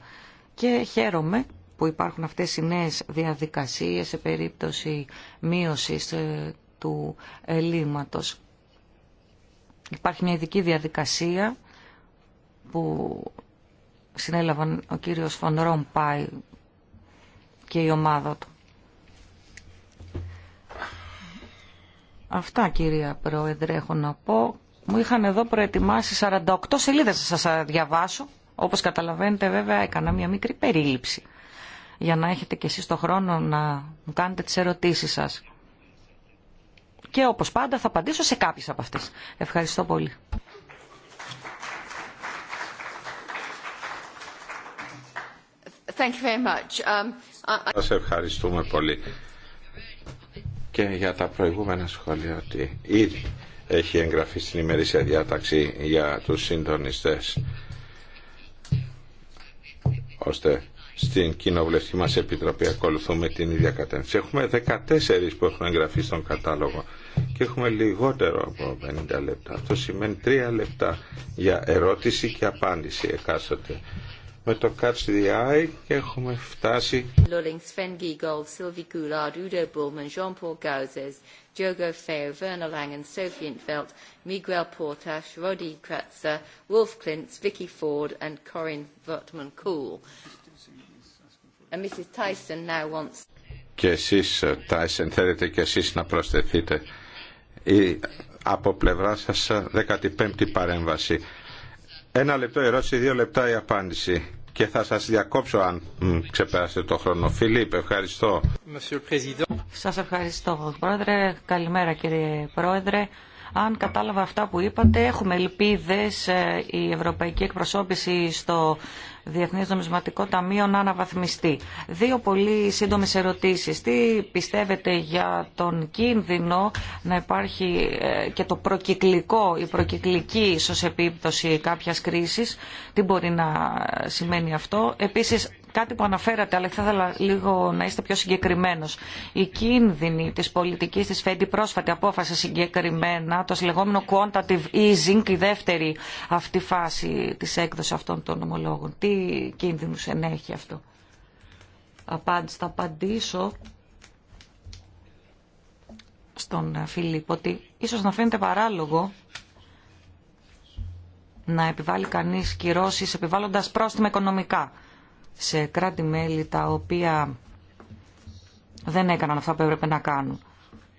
Και χαίρομαι που υπάρχουν αυτές οι νέες διαδικασίες σε περίπτωση μείωσης ε, του ελλείμματος. Υπάρχει μια ειδική διαδικασία που συνέλαβαν ο κύριος Φον Ρομπάι και η ομάδα του. Αυτά κυρία Πρόεδρε έχω να πω. Μου είχαν εδώ προετοιμάσει 48 σελίδες να σας διαβάσω. Όπως καταλαβαίνετε βέβαια έκανα μια μικρή περίληψη για να έχετε και εσείς το χρόνο να μου κάνετε τις ερωτήσεις σας. Και όπως πάντα θα απαντήσω σε κάποιες από αυτές. Ευχαριστώ πολύ. Thank um, Σας ευχαριστούμε πολύ και για τα προηγούμενα σχόλια ότι ήδη έχει εγγραφεί στην ημερήσια διάταξη για τους συντονιστές ώστε στην κοινοβουλευτική μας επιτροπή ακολουθούμε την ίδια κατεύθυνση. Έχουμε 14 που έχουν εγγραφεί στον κατάλογο και έχουμε λιγότερο από 50 λεπτά. Αυτό σημαίνει 3 λεπτά για ερώτηση και απάντηση εκάστοτε με το CatchDI και έχουμε φτάσει. Λόλινγκ, Σφεν Γκίγκολ, Σιλβι Κούλαρντ, Ούντο Μπούλμαν, Ζαν Πολ Γκάουζε, Τζόγκο Φέο, Βέρνα Λάγκεν, Σόφιεν Φελτ, Μίγουελ Πόρτας, Ρόντι Κρατσα, Βουλφ Κλίντς, Βίκυ Φόρντ και Κόριν Βόρτμαν Κούλ. Και εσεί, Τάισεν, θέλετε και εσεί να προσθεθείτε. Η, από πλευρά σα, 15η ε, παρέμβαση. Ένα λεπτό ερώτηση, δύο λεπτά η απάντηση. Και θα σας διακόψω αν ξεπεράσετε το χρόνο. Φιλίπ, ευχαριστώ. Σας ευχαριστώ, Πρόεδρε. Καλημέρα, κύριε Πρόεδρε. Αν κατάλαβα αυτά που είπατε, έχουμε ελπίδες ε, η ευρωπαϊκή εκπροσώπηση στο Διεθνές Νομισματικό Ταμείο να αναβαθμιστεί. Δύο πολύ σύντομες ερωτήσεις. Τι πιστεύετε για τον κίνδυνο να υπάρχει ε, και το προκυκλικό, η προκυκλική ίσως επίπτωση κάποιας κρίσης. Τι μπορεί να σημαίνει αυτό. Επίσης, κάτι που αναφέρατε, αλλά θα ήθελα λίγο να είστε πιο συγκεκριμένος. Η κίνδυνη της πολιτικής της ΦΕΝΤΗ πρόσφατη απόφαση συγκεκριμένα, το λεγόμενο quantitative easing, η δεύτερη αυτή φάση της έκδοση αυτών των ομολόγων. Τι κίνδυνου ενέχει αυτό. Απάντηση, θα απαντήσω στον Φιλίπ ότι ίσως να φαίνεται παράλογο να επιβάλλει κανείς κυρώσεις επιβάλλοντας πρόστιμα οικονομικά σε κράτη-μέλη τα οποία δεν έκαναν αυτά που έπρεπε να κάνουν.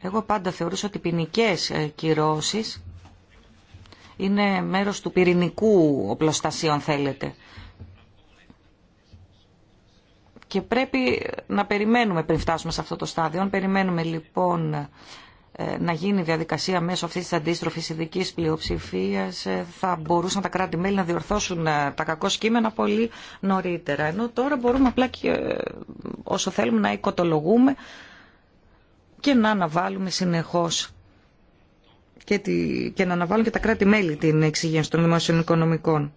Εγώ πάντα θεωρούσα ότι ποινικέ ε, κυρώσει είναι μέρος του πυρηνικού οπλοστασίου, θέλετε. Και πρέπει να περιμένουμε πριν φτάσουμε σε αυτό το στάδιο. περιμένουμε λοιπόν να γίνει διαδικασία μέσω αυτή τη αντίστροφης ειδική πλειοψηφία ε, θα μπορούσαν τα κράτη-μέλη να διορθώσουν ε, τα κακό κείμενα πολύ νωρίτερα. Ενώ τώρα μπορούμε απλά και ε, όσο θέλουμε να οικοτολογούμε και να αναβάλουμε συνεχώς και, και να αναβάλουν και τα κράτη-μέλη την εξυγένση των δημοσιονομικών.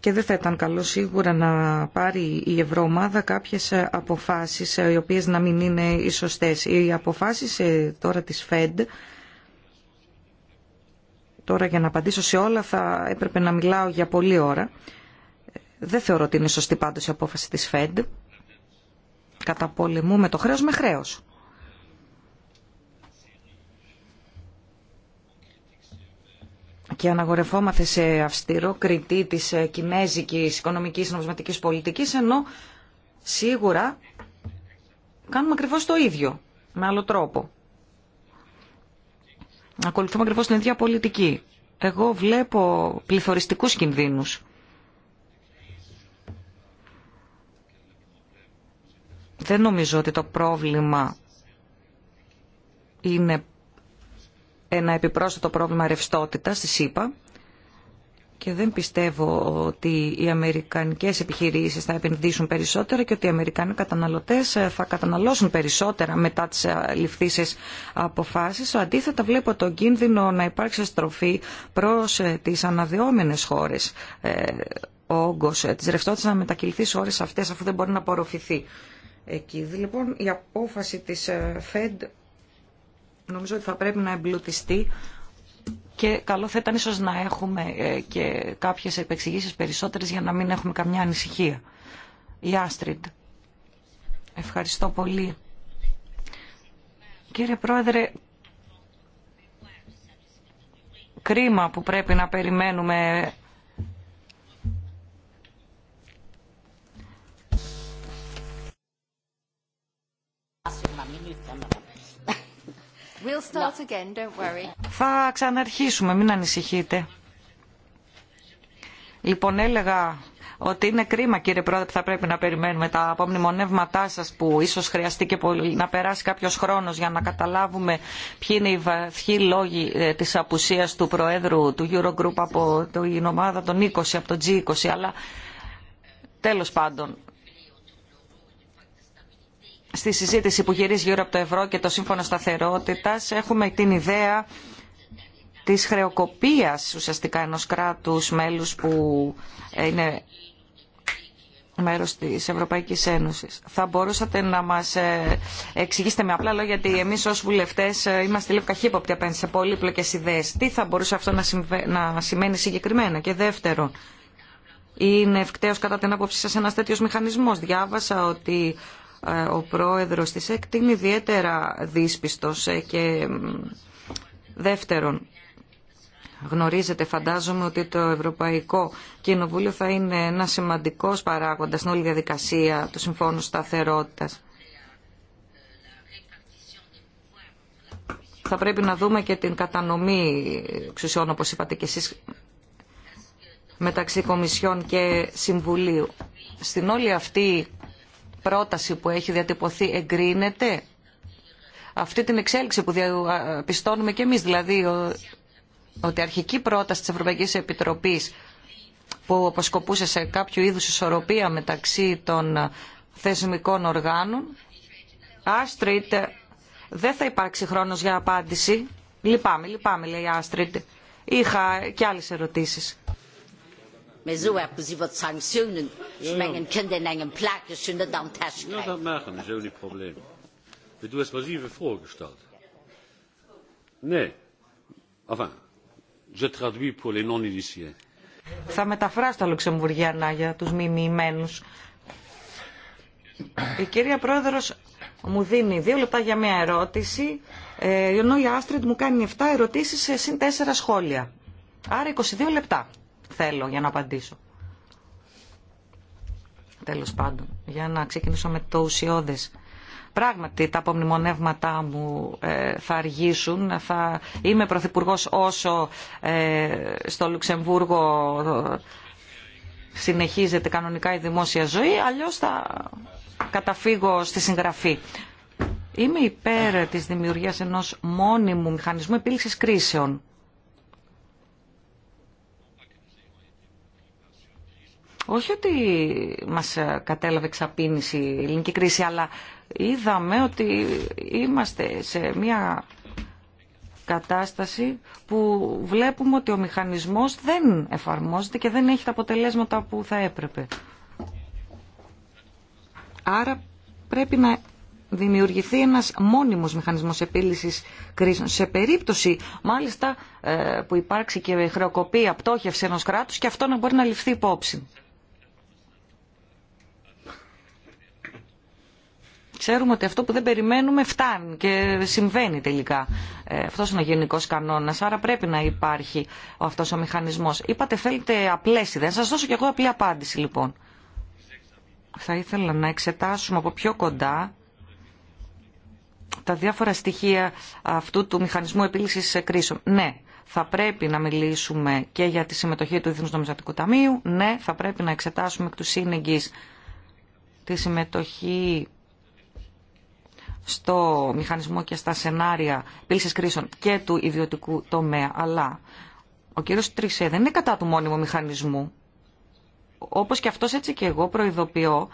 και δεν θα ήταν καλό σίγουρα να πάρει η Ευρωομάδα κάποιες αποφάσεις ε, οι οποίες να μην είναι οι σωστές. Οι αποφάσεις ε, τώρα της ΦΕΔ, τώρα για να απαντήσω σε όλα θα έπρεπε να μιλάω για πολλή ώρα, δεν θεωρώ ότι είναι σωστή πάντως η απόφαση της ΦΕΔ. Καταπολεμούμε το χρέος με χρέος. και αναγορευόμαθε σε αυστηρό κριτή της ε, κινέζικης οικονομικής νομισματικής πολιτικής, ενώ σίγουρα κάνουμε ακριβώς το ίδιο, με άλλο τρόπο. Ακολουθούμε ακριβώς την ίδια πολιτική. Εγώ βλέπω πληθωριστικούς κινδύνους. Δεν νομίζω ότι το πρόβλημα είναι ένα επιπρόσθετο πρόβλημα ρευστότητα στη ΣΥΠΑ και δεν πιστεύω ότι οι αμερικανικές επιχειρήσεις θα επενδύσουν περισσότερα και ότι οι αμερικανοί καταναλωτές ε, θα καταναλώσουν περισσότερα μετά τις ε, ληφθήσεις αποφάσεις. Αντίθετα βλέπω τον κίνδυνο να υπάρξει στροφή προς ε, τις αναδυόμενες χώρες ο όγκος της ρευστότητας να μετακυλθεί σε ώρες αυτές αφού δεν μπορεί να απορροφηθεί εκεί. Λοιπόν, η απόφαση της Fed νομίζω ότι θα πρέπει να εμπλουτιστεί και καλό θα ήταν ίσως να έχουμε ε, και κάποιες επεξηγήσεις περισσότερες για να μην έχουμε καμιά ανησυχία. Η Άστριντ. Ευχαριστώ πολύ. Κύριε Πρόεδρε, κρίμα που πρέπει να περιμένουμε Θα ξαναρχίσουμε, μην ανησυχείτε. Λοιπόν, έλεγα ότι είναι κρίμα κύριε Πρόεδρε που θα πρέπει να περιμένουμε τα απομνημονεύματά σας που ίσως χρειαστεί και να περάσει κάποιος χρόνος για να καταλάβουμε ποιοι είναι οι βαθιοί λόγοι ε, της απουσίας του Προέδρου του Eurogroup από την ομάδα των 20, από το G20, αλλά τέλος πάντων στη συζήτηση που γυρίζει γύρω από το ευρώ και το σύμφωνο σταθερότητα, έχουμε την ιδέα τη χρεοκοπία ουσιαστικά ενό κράτου μέλους που είναι μέρος της Ευρωπαϊκής Ένωσης. Θα μπορούσατε να μας ε, εξηγήσετε με απλά λόγια γιατί εμείς ως βουλευτές ε, είμαστε λίγο καχύποπτοι απέναντι σε πολύπλοκες ιδέες. Τι θα μπορούσε αυτό να, να σημαίνει συγκεκριμένα. Και δεύτερο, είναι ευκταίος κατά την άποψή σα ένα τέτοιο μηχανισμό. Διάβασα ότι ε, ο πρόεδρος της ΕΚΤ είναι ιδιαίτερα δύσπιστος ε, και δεύτερον γνωρίζετε φαντάζομαι ότι το Ευρωπαϊκό Κοινοβούλιο θα είναι ένα σημαντικός παράγοντας στην όλη διαδικασία του Συμφώνου Σταθερότητας. Θα πρέπει να δούμε και την κατανομή εξουσιών, όπως είπατε και εσείς, μεταξύ Κομισιών και Συμβουλίου. Στην όλη αυτή πρόταση που έχει διατυπωθεί εγκρίνεται αυτή την εξέλιξη που πιστώνουμε και εμείς, δηλαδή ότι η αρχική πρόταση της Ευρωπαϊκής Επιτροπής που αποσκοπούσε σε κάποιο είδους ισορροπία μεταξύ των θεσμικών οργάνων, Άστριτ, δεν θα υπάρξει χρόνος για απάντηση. Λυπάμαι, λυπάμαι, λέει Άστριτ. Είχα και άλλες ερωτήσεις zo Θα μεταφράσω τα Λουξεμβουργιανά για τους μη Η κυρία Πρόεδρος μου δίνει δύο λεπτά για μια ερώτηση, ενώ η Άστριντ μου κάνει 7 ερωτήσεις σε σχόλια. Άρα 22 λεπτά θέλω για να απαντήσω. Τέλο πάντων, για να ξεκινήσω με το ουσιώδες. Πράγματι, τα απομνημονεύματά μου ε, θα αργήσουν. Θα... Είμαι Πρωθυπουργό όσο ε, στο Λουξεμβούργο ε, συνεχίζεται κανονικά η δημόσια ζωή, αλλιώ θα καταφύγω στη συγγραφή. Είμαι υπέρ της δημιουργίας ενός μόνιμου μηχανισμού επίλυσης κρίσεων Όχι ότι μας κατέλαβε εξαπίνηση η ελληνική κρίση, αλλά είδαμε ότι είμαστε σε μια κατάσταση που βλέπουμε ότι ο μηχανισμός δεν εφαρμόζεται και δεν έχει τα αποτελέσματα που θα έπρεπε. Άρα πρέπει να δημιουργηθεί ένας μόνιμος μηχανισμός επίλυσης κρίσεων. Σε περίπτωση μάλιστα ε, που υπάρξει και χρεοκοπία, πτώχευση ενός κράτους και αυτό να μπορεί να ληφθεί υπόψη. ξέρουμε ότι αυτό που δεν περιμένουμε φτάνει και συμβαίνει τελικά. Ε, αυτό είναι ο γενικό κανόνα. Άρα πρέπει να υπάρχει αυτό ο μηχανισμό. Είπατε θέλετε απλέ ιδέε. Σα δώσω κι εγώ απλή απάντηση λοιπόν. Θα ήθελα να εξετάσουμε από πιο κοντά τα διάφορα στοιχεία αυτού του μηχανισμού επίλυσης κρίσεων. Ναι, θα πρέπει να μιλήσουμε και για τη συμμετοχή του Διεθνούς Νομισματικού Ταμείου. Ναι, θα πρέπει να εξετάσουμε εκ του σύνεγγυς τη συμμετοχή στο μηχανισμό και στα σενάρια πύλησης κρίσεων και του ιδιωτικού τομέα. Αλλά ο κύριος Τρισέ δεν είναι κατά του μόνιμου μηχανισμού. Όπως και αυτός έτσι και εγώ προειδοποιώ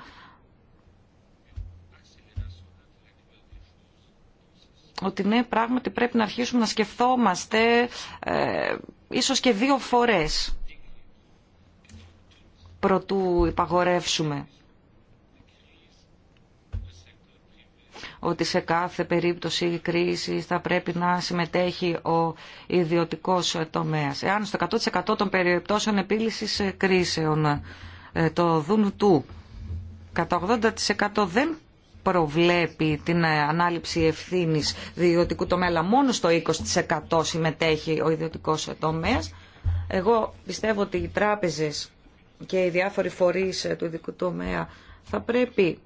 ότι ναι πράγματι πρέπει να αρχίσουμε να σκεφτόμαστε ε, ίσως και δύο φορές προτού υπαγορεύσουμε ότι σε κάθε περίπτωση κρίση θα πρέπει να συμμετέχει ο ιδιωτικός τομέας. Εάν στο 100% των περιπτώσεων επίλυσης κρίσεων ε, το δουν κατά 80% δεν προβλέπει την ε, ανάληψη ευθύνης ιδιωτικού τομέα, αλλά μόνο στο 20% συμμετέχει ο ιδιωτικός τομέας. Εγώ πιστεύω ότι οι τράπεζες και οι διάφοροι φορείς ε, του ειδικού τομέα θα πρέπει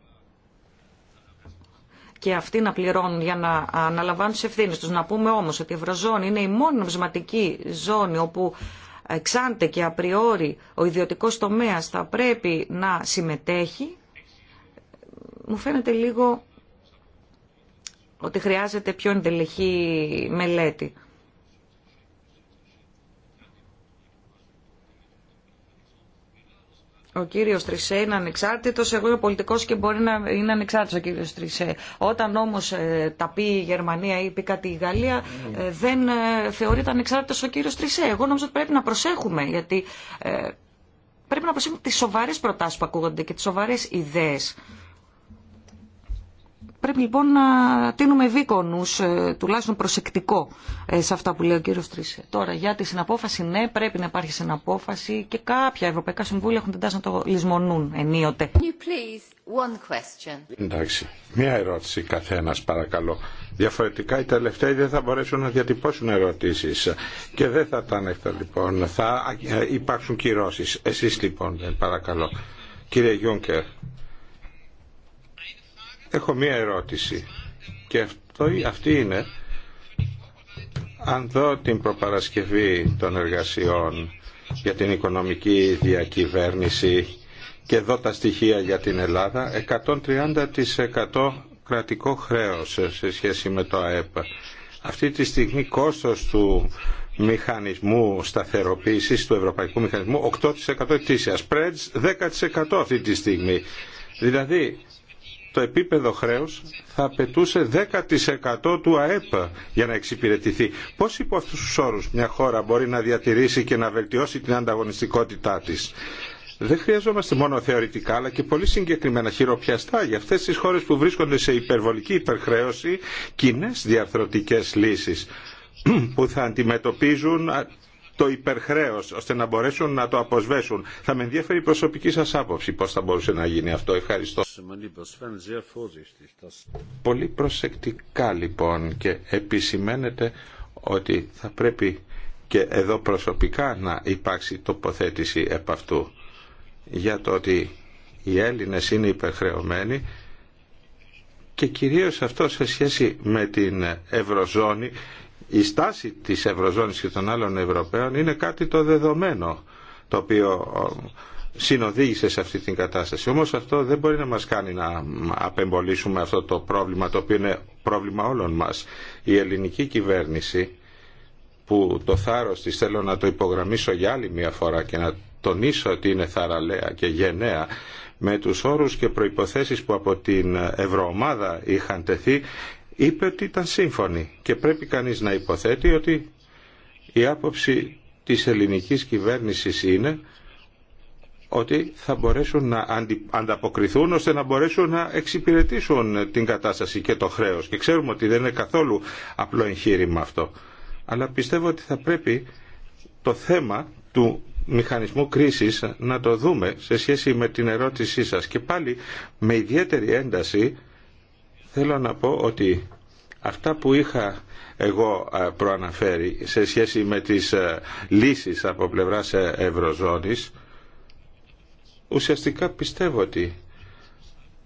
και αυτοί να πληρώνουν για να αναλαμβάνουν τι ευθύνε του. Να πούμε όμω ότι η Ευρωζώνη είναι η μόνη νομισματική ζώνη όπου εξάντε και απριόρι ο ιδιωτικό τομέα θα πρέπει να συμμετέχει, μου φαίνεται λίγο ότι χρειάζεται πιο εντελεχή μελέτη. ο κύριος Τρισέ είναι ανεξάρτητος, εγώ είμαι πολιτικός και μπορεί να είναι ανεξάρτητος ο κύριος Τρισέ. Όταν όμως ε, τα πει η Γερμανία ή πει κάτι η Γαλλία, ε, δεν ε, θεωρείται ανεξάρτητος ο κύριος Τρισέ. Εγώ νομίζω ότι πρέπει να προσέχουμε, γιατί πρέπει να προσέχουμε τις σοβαρές προτάσεις που ακούγονται και τις σοβαρές ιδέες. Πρέπει λοιπόν να τίνουμε δίκονους, ε, τουλάχιστον προσεκτικό ε, σε αυτά που λέει ο κύριος Τρίσε. Τώρα για τη συναπόφαση, ναι, πρέπει να υπάρχει συναπόφαση και κάποια ευρωπαϊκά συμβούλια έχουν την τάση να το λησμονούν ενίοτε. Εντάξει, μία ερώτηση καθένας παρακαλώ. Διαφορετικά οι τελευταίοι δεν θα μπορέσουν να διατυπώσουν ερωτήσεις και δεν θα τα ανέχτα λοιπόν. Θα ε, υπάρξουν κυρώσεις. Εσείς λοιπόν παρακαλώ. Κύριε Γιούνκερ. Έχω μία ερώτηση και αυτό, αυτή είναι αν δω την προπαρασκευή των εργασιών για την οικονομική διακυβέρνηση και δω τα στοιχεία για την Ελλάδα 130% κρατικό χρέος σε σχέση με το ΑΕΠ. Αυτή τη στιγμή κόστος του μηχανισμού σταθεροποίησης του Ευρωπαϊκού Μηχανισμού 8% ετήσια. Spreads 10% αυτή τη στιγμή. Δηλαδή το επίπεδο χρέους θα απαιτούσε 10% του ΑΕΠ για να εξυπηρετηθεί. Πώς υπό αυτούς τους όρους μια χώρα μπορεί να διατηρήσει και να βελτιώσει την ανταγωνιστικότητά της. Δεν χρειαζόμαστε μόνο θεωρητικά αλλά και πολύ συγκεκριμένα χειροπιαστά για αυτές τις χώρες που βρίσκονται σε υπερβολική υπερχρέωση κοινέ διαρθρωτικές λύσεις (clears throat) που θα αντιμετωπίζουν το υπερχρέο ώστε να μπορέσουν να το αποσβέσουν. Θα με ενδιαφέρει η προσωπική σα άποψη πώς θα μπορούσε να γίνει αυτό. Ευχαριστώ. Πολύ προσεκτικά λοιπόν και επισημαίνεται ότι θα πρέπει και εδώ προσωπικά να υπάρξει τοποθέτηση επ' αυτού για το ότι οι Έλληνες είναι υπερχρεωμένοι και κυρίως αυτό σε σχέση με την Ευρωζώνη η στάση της Ευρωζώνης και των άλλων Ευρωπαίων είναι κάτι το δεδομένο το οποίο συνοδήγησε σε αυτή την κατάσταση. Όμως αυτό δεν μπορεί να μας κάνει να απεμπολίσουμε αυτό το πρόβλημα το οποίο είναι πρόβλημα όλων μας. Η ελληνική κυβέρνηση που το θάρρος της θέλω να το υπογραμμίσω για άλλη μια φορά και να τονίσω ότι είναι θαραλέα και γενναία με τους όρους και προϋποθέσεις που από την Ευρωομάδα είχαν τεθεί είπε ότι ήταν σύμφωνη και πρέπει κανείς να υποθέτει ότι η άποψη της ελληνικής κυβέρνησης είναι ότι θα μπορέσουν να ανταποκριθούν ώστε να μπορέσουν να εξυπηρετήσουν την κατάσταση και το χρέος. Και ξέρουμε ότι δεν είναι καθόλου απλό εγχείρημα αυτό. Αλλά πιστεύω ότι θα πρέπει το θέμα του μηχανισμού κρίσης να το δούμε σε σχέση με την ερώτησή σας. Και πάλι με ιδιαίτερη ένταση Θέλω να πω ότι αυτά που είχα εγώ ε, προαναφέρει σε σχέση με τις ε, λύσεις από πλευράς ε, Ευρωζώνης, ουσιαστικά πιστεύω ότι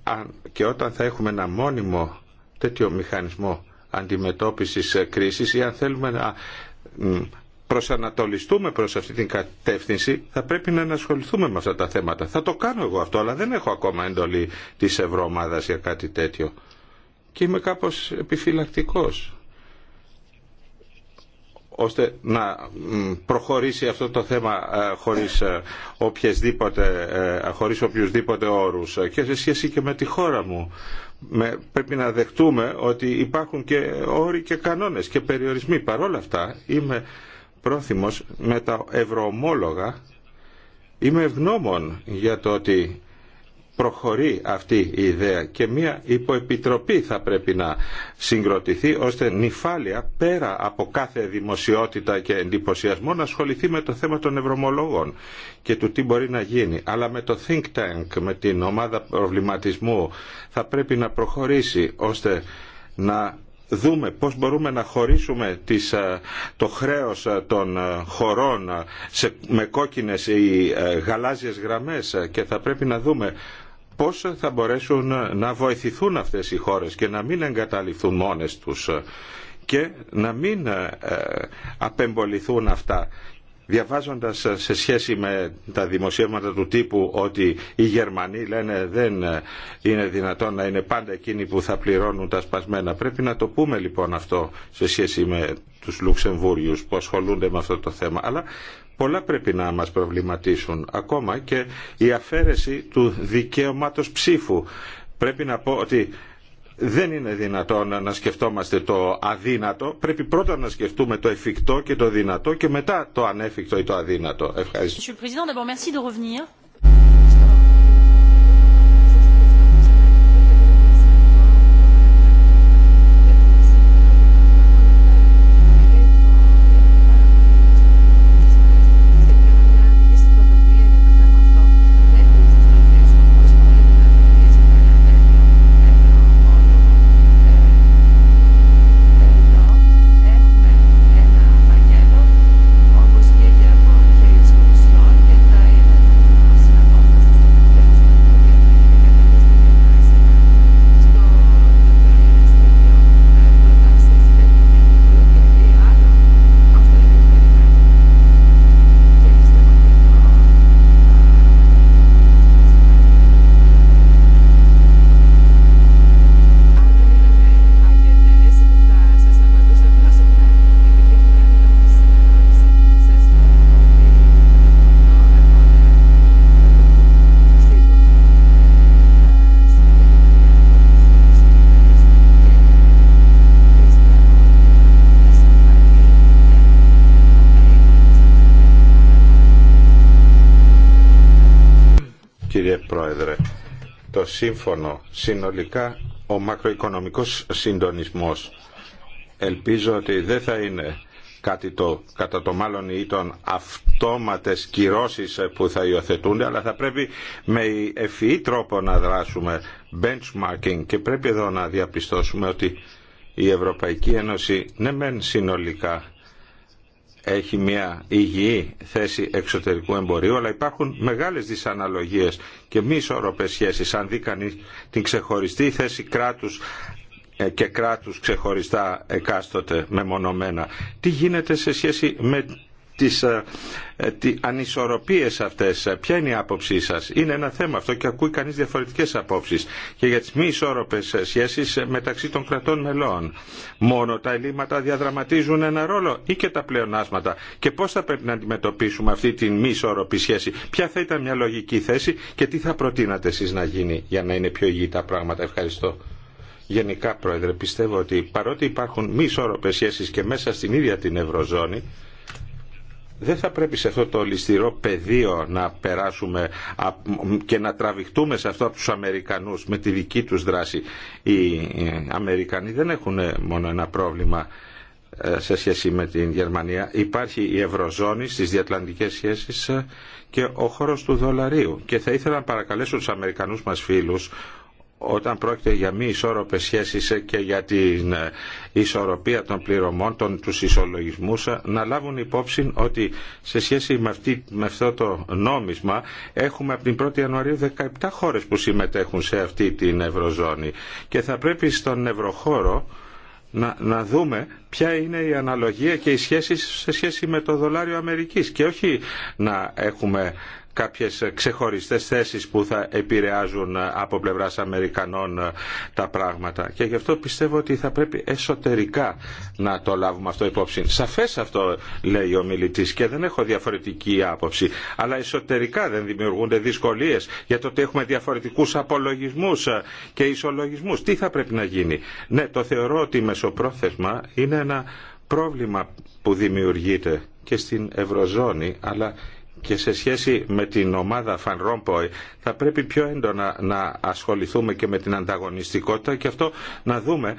αν και όταν θα έχουμε ένα μόνιμο τέτοιο μηχανισμό αντιμετώπισης κρίσης ή αν θέλουμε να προσανατολιστούμε προς αυτή την κατεύθυνση θα πρέπει να ανασχοληθούμε με αυτά τα θέματα. Θα το κάνω εγώ αυτό, αλλά δεν έχω ακόμα εντολή της Ευρωομάδας για κάτι τέτοιο και είμαι κάπως επιφυλακτικός ώστε να προχωρήσει αυτό το θέμα ε, χωρίς, ε, οποιασδήποτε, ε, χωρίς οποιουσδήποτε όρους και σε σχέση και με τη χώρα μου. Με, πρέπει να δεχτούμε ότι υπάρχουν και όροι και κανόνες και περιορισμοί. Παρόλα αυτά είμαι πρόθυμος με τα ευρωομόλογα, είμαι ευγνώμων για το ότι προχωρεί αυτή η ιδέα και μια υποεπιτροπή θα πρέπει να συγκροτηθεί ώστε νυφάλια πέρα από κάθε δημοσιότητα και εντυπωσιασμό να ασχοληθεί με το θέμα των ευρωμολόγων και του τι μπορεί να γίνει. Αλλά με το Think Tank, με την ομάδα προβληματισμού θα πρέπει να προχωρήσει ώστε να δούμε πώς μπορούμε να χωρίσουμε τις, ε, το χρέος ε, των ε, χωρών σε, με κόκκινες ή γαλάζιες γραμμές και θα πρέπει να δούμε πώς θα μπορέσουν να βοηθηθούν αυτές οι χώρες και να μην εγκαταλειφθούν μόνες τους και να μην ε, απεμποληθούν αυτά διαβάζοντας σε σχέση με τα δημοσίευματα του τύπου ότι οι Γερμανοί λένε δεν είναι δυνατόν να είναι πάντα εκείνοι που θα πληρώνουν τα σπασμένα. Πρέπει να το πούμε λοιπόν αυτό σε σχέση με τους Λουξεμβούριους που ασχολούνται με αυτό το θέμα. Αλλά πολλά πρέπει να μας προβληματίσουν. Ακόμα και η αφαίρεση του δικαίωματος ψήφου. Πρέπει να πω ότι δεν είναι δυνατόν να σκεφτόμαστε το αδύνατο. Πρέπει πρώτα να σκεφτούμε το εφικτό και το δυνατό και μετά το ανέφικτο ή το αδύνατο. Ευχαριστώ. σύμφωνο συνολικά ο μακροοικονομικός συντονισμός. Ελπίζω ότι δεν θα είναι κάτι το, κατά το μάλλον ή των αυτόματες κυρώσεις που θα υιοθετούνται, αλλά θα πρέπει με ευφυή τρόπο να δράσουμε benchmarking και πρέπει εδώ να διαπιστώσουμε ότι η Ευρωπαϊκή Ένωση ναι μεν συνολικά έχει μια υγιή θέση εξωτερικού εμπορίου, αλλά υπάρχουν μεγάλες δυσαναλογίες και μη ισορροπές σχέσεις. Αν δει την ξεχωριστή θέση κράτους ε, και κράτους ξεχωριστά εκάστοτε μεμονωμένα. Τι γίνεται σε σχέση με τις ε, ε, τι ανισορροπίες αυτές. Ποια είναι η άποψή σας. Είναι ένα θέμα αυτό και ακούει κανείς διαφορετικές απόψεις και για τις μη ισόρροπες σχέσεις μεταξύ των κρατών μελών. Μόνο τα ελλείμματα διαδραματίζουν ένα ρόλο ή και τα πλεονάσματα. Και πώς θα πρέπει να αντιμετωπίσουμε αυτή τη μη ισόρροπη σχέση. Ποια θα ήταν μια λογική θέση και τι θα προτείνατε εσείς να γίνει για να είναι πιο υγιή τα πράγματα. Ευχαριστώ. Γενικά, Πρόεδρε, πιστεύω ότι παρότι υπάρχουν μη ισόρροπες σχέσεις και μέσα στην ίδια την Ευρωζώνη, δεν θα πρέπει σε αυτό το ληστηρό πεδίο να περάσουμε και να τραβηχτούμε σε αυτό από τους Αμερικανούς με τη δική τους δράση. Οι Αμερικανοί δεν έχουν μόνο ένα πρόβλημα ε, σε σχέση με την Γερμανία. Υπάρχει η Ευρωζώνη στις διατλαντικές σχέσεις και ο χώρος του δολαρίου. Και θα ήθελα να παρακαλέσω τους Αμερικανούς μας φίλους όταν πρόκειται για μη ισόρροπες σχέσεις και για την ισορροπία των πληρωμών, των, τους ισολογισμούς, να λάβουν υπόψη ότι σε σχέση με, αυτό το νόμισμα έχουμε από την 1η Ιανουαρίου 17 χώρες που συμμετέχουν σε αυτή την Ευρωζώνη και θα πρέπει στον Ευρωχώρο να, να δούμε ποια είναι η αναλογία και οι σχέσεις σε σχέση με το δολάριο Αμερικής και όχι να έχουμε κάποιες ξεχωριστές θέσεις που θα επηρεάζουν από πλευράς Αμερικανών τα πράγματα. Και γι' αυτό πιστεύω ότι θα πρέπει εσωτερικά να το λάβουμε αυτό υπόψη. Σαφές αυτό λέει ο μιλητής και δεν έχω διαφορετική άποψη. Αλλά εσωτερικά δεν δημιουργούνται δυσκολίες για το ότι έχουμε διαφορετικούς απολογισμούς και ισολογισμούς. Τι θα πρέπει να γίνει. Ναι, το θεωρώ ότι μεσοπρόθεσμα είναι ένα πρόβλημα που δημιουργείται και στην Ευρωζώνη αλλά και σε σχέση με την ομάδα Φαν θα πρέπει πιο έντονα να ασχοληθούμε και με την ανταγωνιστικότητα και αυτό να δούμε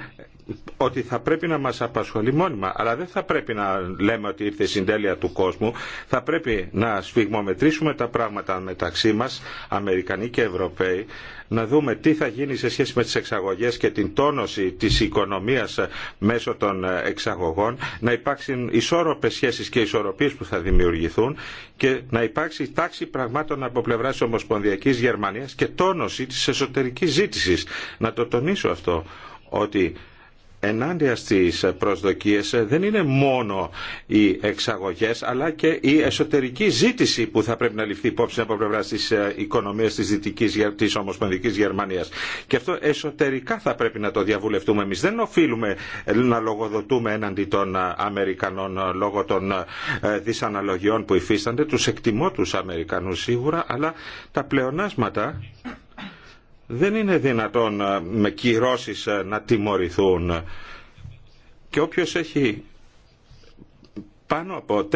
ότι θα πρέπει να μας απασχολεί μόνιμα, αλλά δεν θα πρέπει να λέμε ότι ήρθε η συντέλεια του κόσμου. Θα πρέπει να σφιγμομετρήσουμε τα πράγματα μεταξύ μας, Αμερικανοί και Ευρωπαίοι, να δούμε τι θα γίνει σε σχέση με τις εξαγωγές και την τόνωση της οικονομίας μέσω των εξαγωγών, να υπάρξουν ισόρροπες σχέσεις και ισορροπίες που θα δημιουργηθούν και να υπάρξει τάξη πραγμάτων από πλευρά της Ομοσπονδιακής Γερμανίας και τόνωση της εσωτερικής ζήτησης. Να το τονίσω αυτό, ότι ενάντια στις προσδοκίες δεν είναι μόνο οι εξαγωγές αλλά και η εσωτερική ζήτηση που θα πρέπει να ληφθεί υπόψη από πλευρά τη ε, οικονομία τη Δυτική τη Ομοσπονδική Γερμανίας. Και αυτό εσωτερικά θα πρέπει να το διαβουλευτούμε εμείς. Δεν οφείλουμε ε, να λογοδοτούμε έναντι των ε, Αμερικανών λόγω των δυσαναλογιών που υφίστανται. τους εκτιμώ του Αμερικανού σίγουρα, αλλά τα πλεονάσματα δεν είναι δυνατόν ε, με κυρώσεις ε, να τιμωρηθούν. Και όποιος έχει πάνω από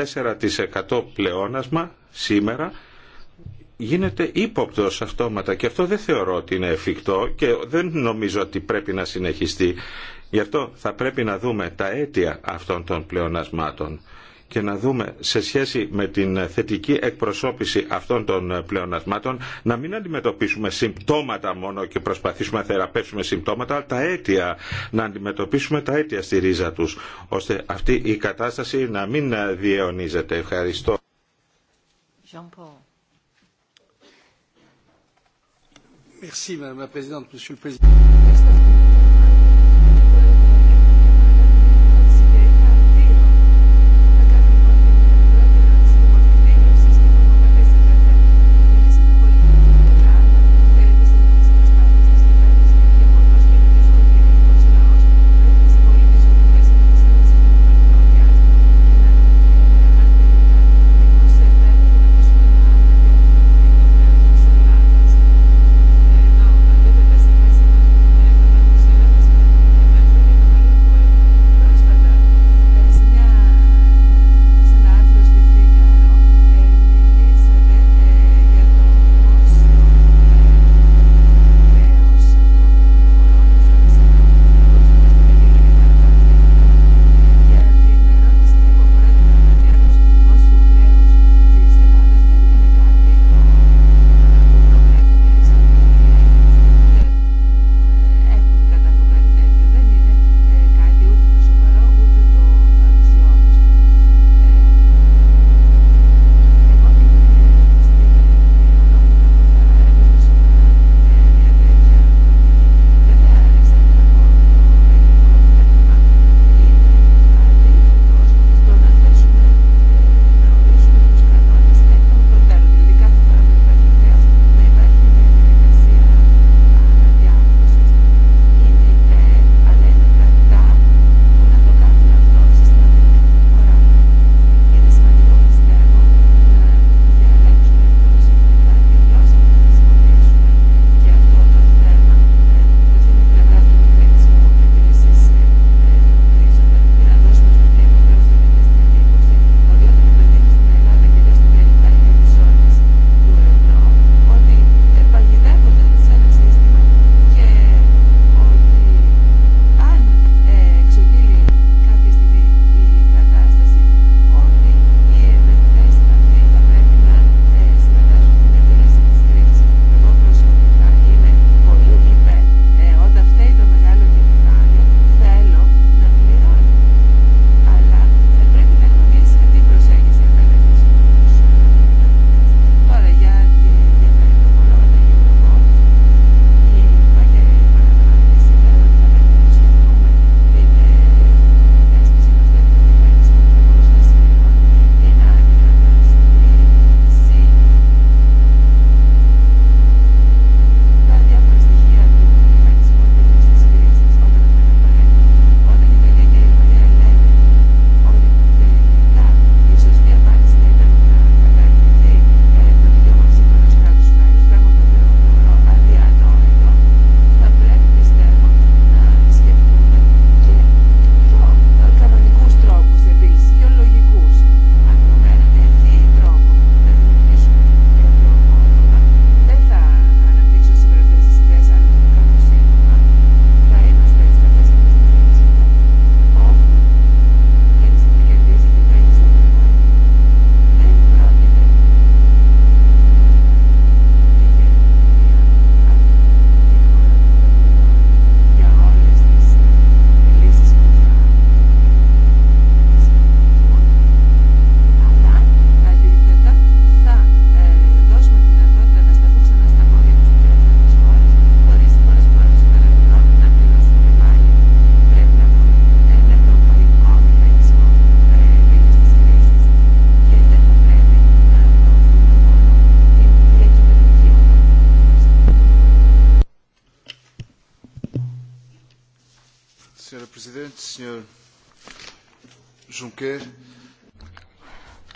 4% πλεόνασμα σήμερα γίνεται ύποπτος αυτόματα και αυτό δεν θεωρώ ότι είναι εφικτό και δεν νομίζω ότι πρέπει να συνεχιστεί. Γι' αυτό θα πρέπει να δούμε τα αίτια αυτών των πλεονασμάτων και να δούμε σε σχέση με την θετική εκπροσώπηση αυτών των πλεονασμάτων να μην αντιμετωπίσουμε συμπτώματα μόνο και προσπαθήσουμε να θεραπεύσουμε συμπτώματα αλλά τα αίτια, να αντιμετωπίσουμε τα αίτια στη ρίζα τους ώστε αυτή η κατάσταση να μην διαιωνίζεται. Ευχαριστώ. Merci, Madame la Présidente, Monsieur le Président.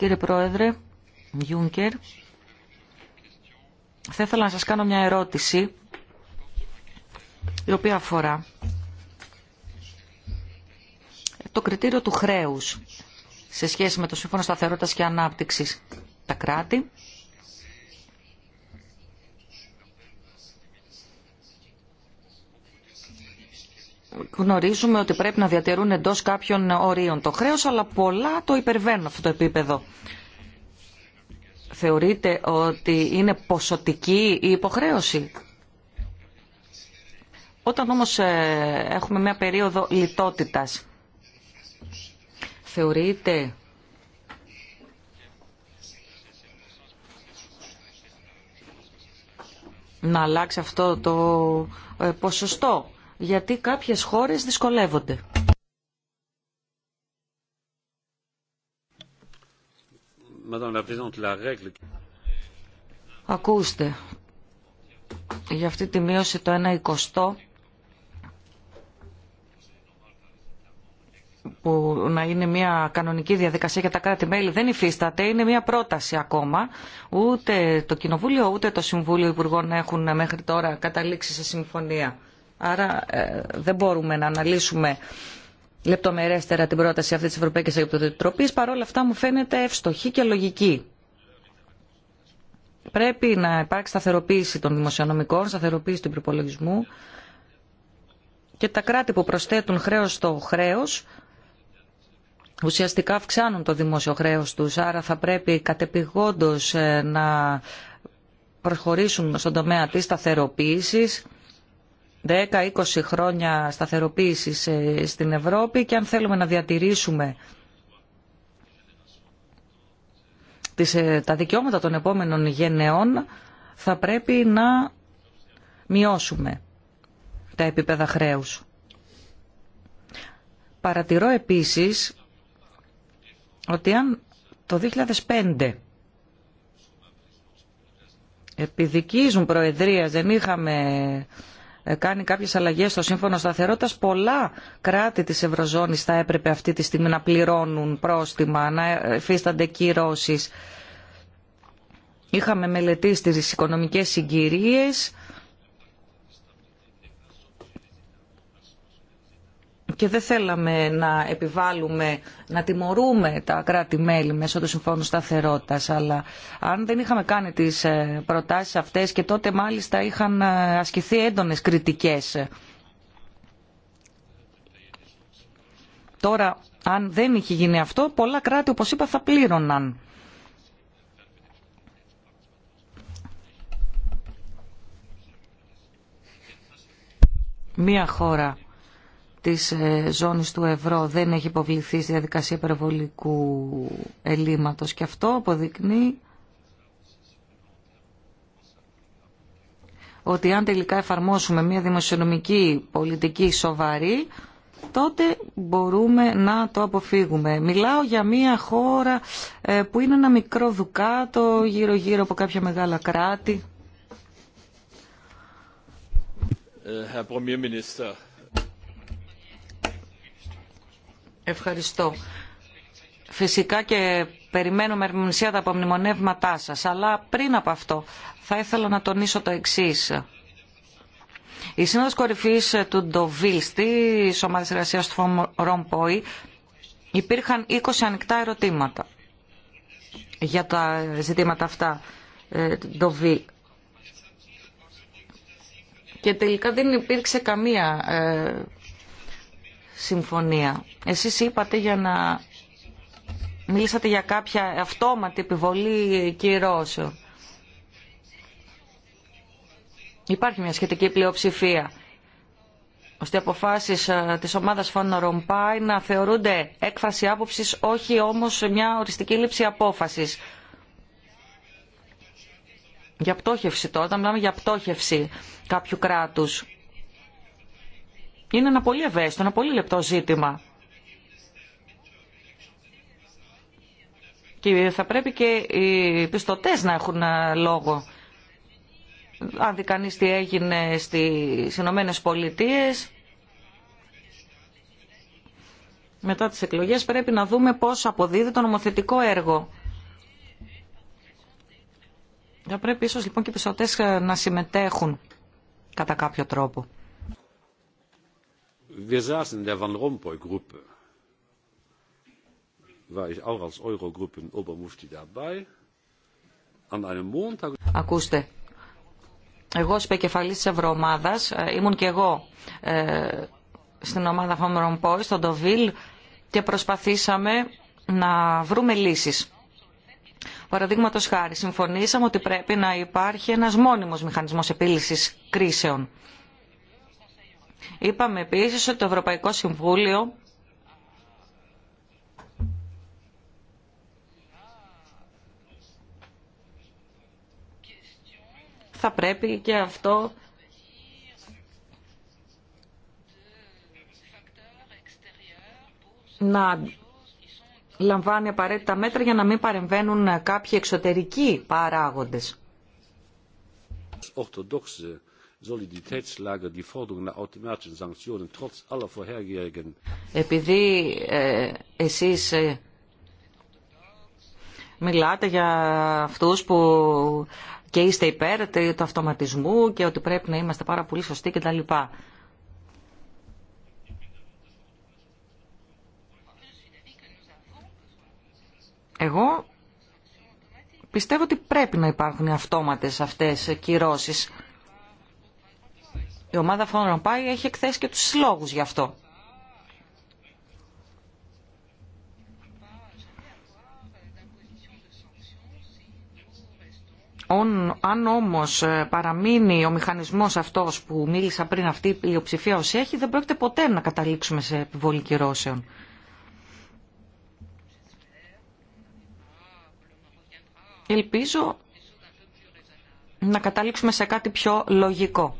Κύριε Πρόεδρε, Γιούνκερ, θα ήθελα να σας κάνω μια ερώτηση η οποία αφορά το κριτήριο του χρέους σε σχέση με το Σύμφωνο Σταθερότητας και Ανάπτυξης. Τα κράτη γνωρίζουμε ότι πρέπει να διατηρούν εντός κάποιων ορίων το χρέος, αλλά πολλά το υπερβαίνουν αυτό το επίπεδο. Θεωρείτε ότι είναι ποσοτική η υποχρέωση. Όταν όμως ε, έχουμε μια περίοδο λιτότητας, θεωρείτε να αλλάξει αυτό το ε, ποσοστό γιατί κάποιες χώρες δυσκολεύονται. Ακούστε, για αυτή τη μείωση το 1.20, που να είναι μια κανονική διαδικασία για τα κράτη-μέλη δεν υφίσταται, είναι μια πρόταση ακόμα. Ούτε το Κοινοβούλιο ούτε το Συμβούλιο Υπουργών έχουν μέχρι τώρα καταλήξει σε συμφωνία. Άρα ε, δεν μπορούμε να αναλύσουμε λεπτομερέστερα την πρόταση αυτή της Ευρωπαϊκής Επιτροπής. Παρ' όλα αυτά μου φαίνεται ευστοχή και λογική. Πρέπει να υπάρξει σταθεροποίηση των δημοσιονομικών, σταθεροποίηση του προπολογισμού και τα κράτη που προσθέτουν χρέος στο χρέος ουσιαστικά αυξάνουν το δημόσιο χρέος τους, άρα θα πρέπει κατεπηγόντως ε, να προχωρήσουν στον τομέα της σταθεροποίησης 10-20 χρόνια σταθεροποίησης ε, στην Ευρώπη και αν θέλουμε να διατηρήσουμε τις, ε, τα δικαιώματα των επόμενων γενεών θα πρέπει να μειώσουμε τα επίπεδα χρέους. Παρατηρώ επίσης ότι αν το 2005 επί προεδρίας δεν είχαμε ε, κάνει κάποιες αλλαγέ στο σύμφωνο σταθερότητα πολλά κράτη της Ευρωζώνης θα έπρεπε αυτή τη στιγμή να πληρώνουν πρόστιμα, να εφίστανται κυρώσει. Είχαμε μελετήσει τις οικονομικές συγκυρίες και δεν θέλαμε να επιβάλλουμε, να τιμωρούμε τα κράτη-μέλη μέσω του Συμφώνου σταθερότητα. αλλά αν δεν είχαμε κάνει τις ε, προτάσεις αυτές και τότε μάλιστα είχαν ε, ασκηθεί έντονες κριτικές. Τώρα, αν δεν είχε γίνει αυτό, πολλά κράτη, όπως είπα, θα πλήρωναν. Μία χώρα της ε, ζώνης του ευρώ δεν έχει υποβληθεί στη διαδικασία υπερβολικού ελλείμματος και αυτό αποδεικνύει ότι αν τελικά εφαρμόσουμε μια δημοσιονομική πολιτική σοβαρή τότε μπορούμε να το αποφύγουμε. Μιλάω για μια χώρα ε, που είναι ένα μικρό δουκάτο γύρω γύρω από κάποια μεγάλα κράτη. Ε, Herr Ευχαριστώ. Φυσικά και περιμένουμε ερμηνεία τα απομνημονεύματά σας, αλλά πριν από αυτό θα ήθελα να τονίσω το εξής. Η Σύνοδος Κορυφής του Ντοβίλ στη Ομάδα Εργασία του Ρομπόη υπήρχαν 20 ανοιχτά ερωτήματα για τα ζητήματα αυτά του ε, Ντοβίλ. Και τελικά δεν υπήρξε καμία ε, συμφωνία. Εσείς είπατε για να... Μίλησατε για κάποια αυτόματη επιβολή κυρώσεων. Υπάρχει μια σχετική πλειοψηφία ώστε οι αποφάσεις ε, της ομάδας Φόνο Ρομπάι να θεωρούνται έκφραση άποψης, όχι όμως μια οριστική λήψη απόφασης. Για πτώχευση τώρα, όταν μιλάμε για πτώχευση κάποιου κράτους. Είναι ένα πολύ ευαίσθητο, ένα πολύ λεπτό ζήτημα. Και θα πρέπει και οι πιστωτές να έχουν ε, λόγο. Αν δει κανείς τι έγινε στις Ηνωμένε Πολιτείες, μετά τις εκλογές πρέπει να δούμε πώς αποδίδει το νομοθετικό έργο. Θα πρέπει ίσως λοιπόν και οι πιστωτές ε, να συμμετέχουν κατά κάποιο τρόπο wir saßen in der van gruppe war ich auch als eurogruppen obermufti dabei an einem montag Ακούστε, εγώ ως επικεφαλής της Ευρωομάδας ε, ήμουν και εγώ ε, στην ομάδα Van Rompuy, στον Τοβίλ και προσπαθήσαμε να βρούμε λύσεις. Παραδείγματο χάρη, συμφωνήσαμε ότι πρέπει να υπάρχει ένας μόνιμος μηχανισμός επίλυσης κρίσεων Είπαμε επίσης ότι το Ευρωπαϊκό Συμβούλιο θα πρέπει και αυτό να λαμβάνει απαραίτητα μέτρα για να μην παρεμβαίνουν κάποιοι εξωτερικοί παράγοντες. Επειδή ε, εσείς ε, μιλάτε για αυτούς που και είστε υπέρ του αυτοματισμού και ότι πρέπει να είμαστε πάρα πολύ σωστοί κτλ. Εγώ πιστεύω ότι πρέπει να υπάρχουν οι αυτόματες αυτές κυρώσεις η ομάδα Φων έχει εκθέσει και τους λόγους γι' αυτό. αν όμως ε, παραμείνει ο μηχανισμός αυτός που μίλησα πριν αυτή η πλειοψηφία όσοι έχει, δεν πρόκειται ποτέ να καταλήξουμε σε επιβολή κυρώσεων. Ελπίζω να καταλήξουμε σε κάτι πιο λογικό.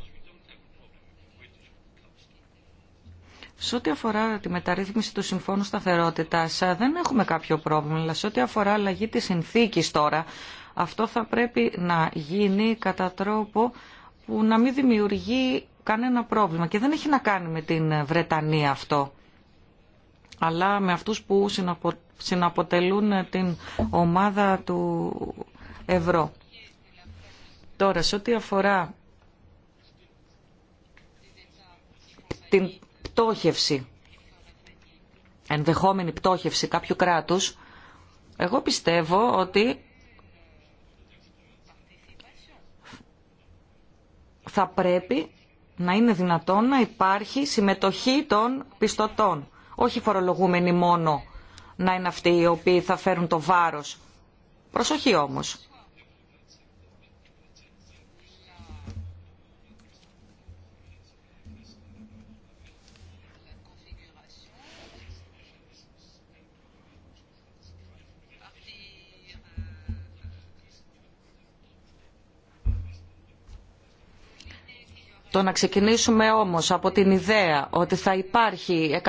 Σε ό,τι αφορά τη μεταρρύθμιση του Συμφώνου Σταθερότητα, ε, δεν έχουμε κάποιο πρόβλημα, αλλά σε ό,τι αφορά αλλαγή τη συνθήκη τώρα, αυτό θα πρέπει να γίνει κατά τρόπο που να μην δημιουργεί κανένα πρόβλημα. Και δεν έχει να κάνει με την Βρετανία αυτό, αλλά με αυτούς που συναποτελούν την ομάδα του ευρώ. Τώρα, σε ό,τι αφορά την πτώχευση, ενδεχόμενη πτώχευση κάποιου κράτους, εγώ πιστεύω ότι θα πρέπει να είναι δυνατόν να υπάρχει συμμετοχή των πιστωτών. Όχι φορολογούμενοι μόνο να είναι αυτοί οι οποίοι θα φέρουν το βάρος. Προσοχή όμως. Το να ξεκινήσουμε όμως από την ιδέα ότι θα υπάρχει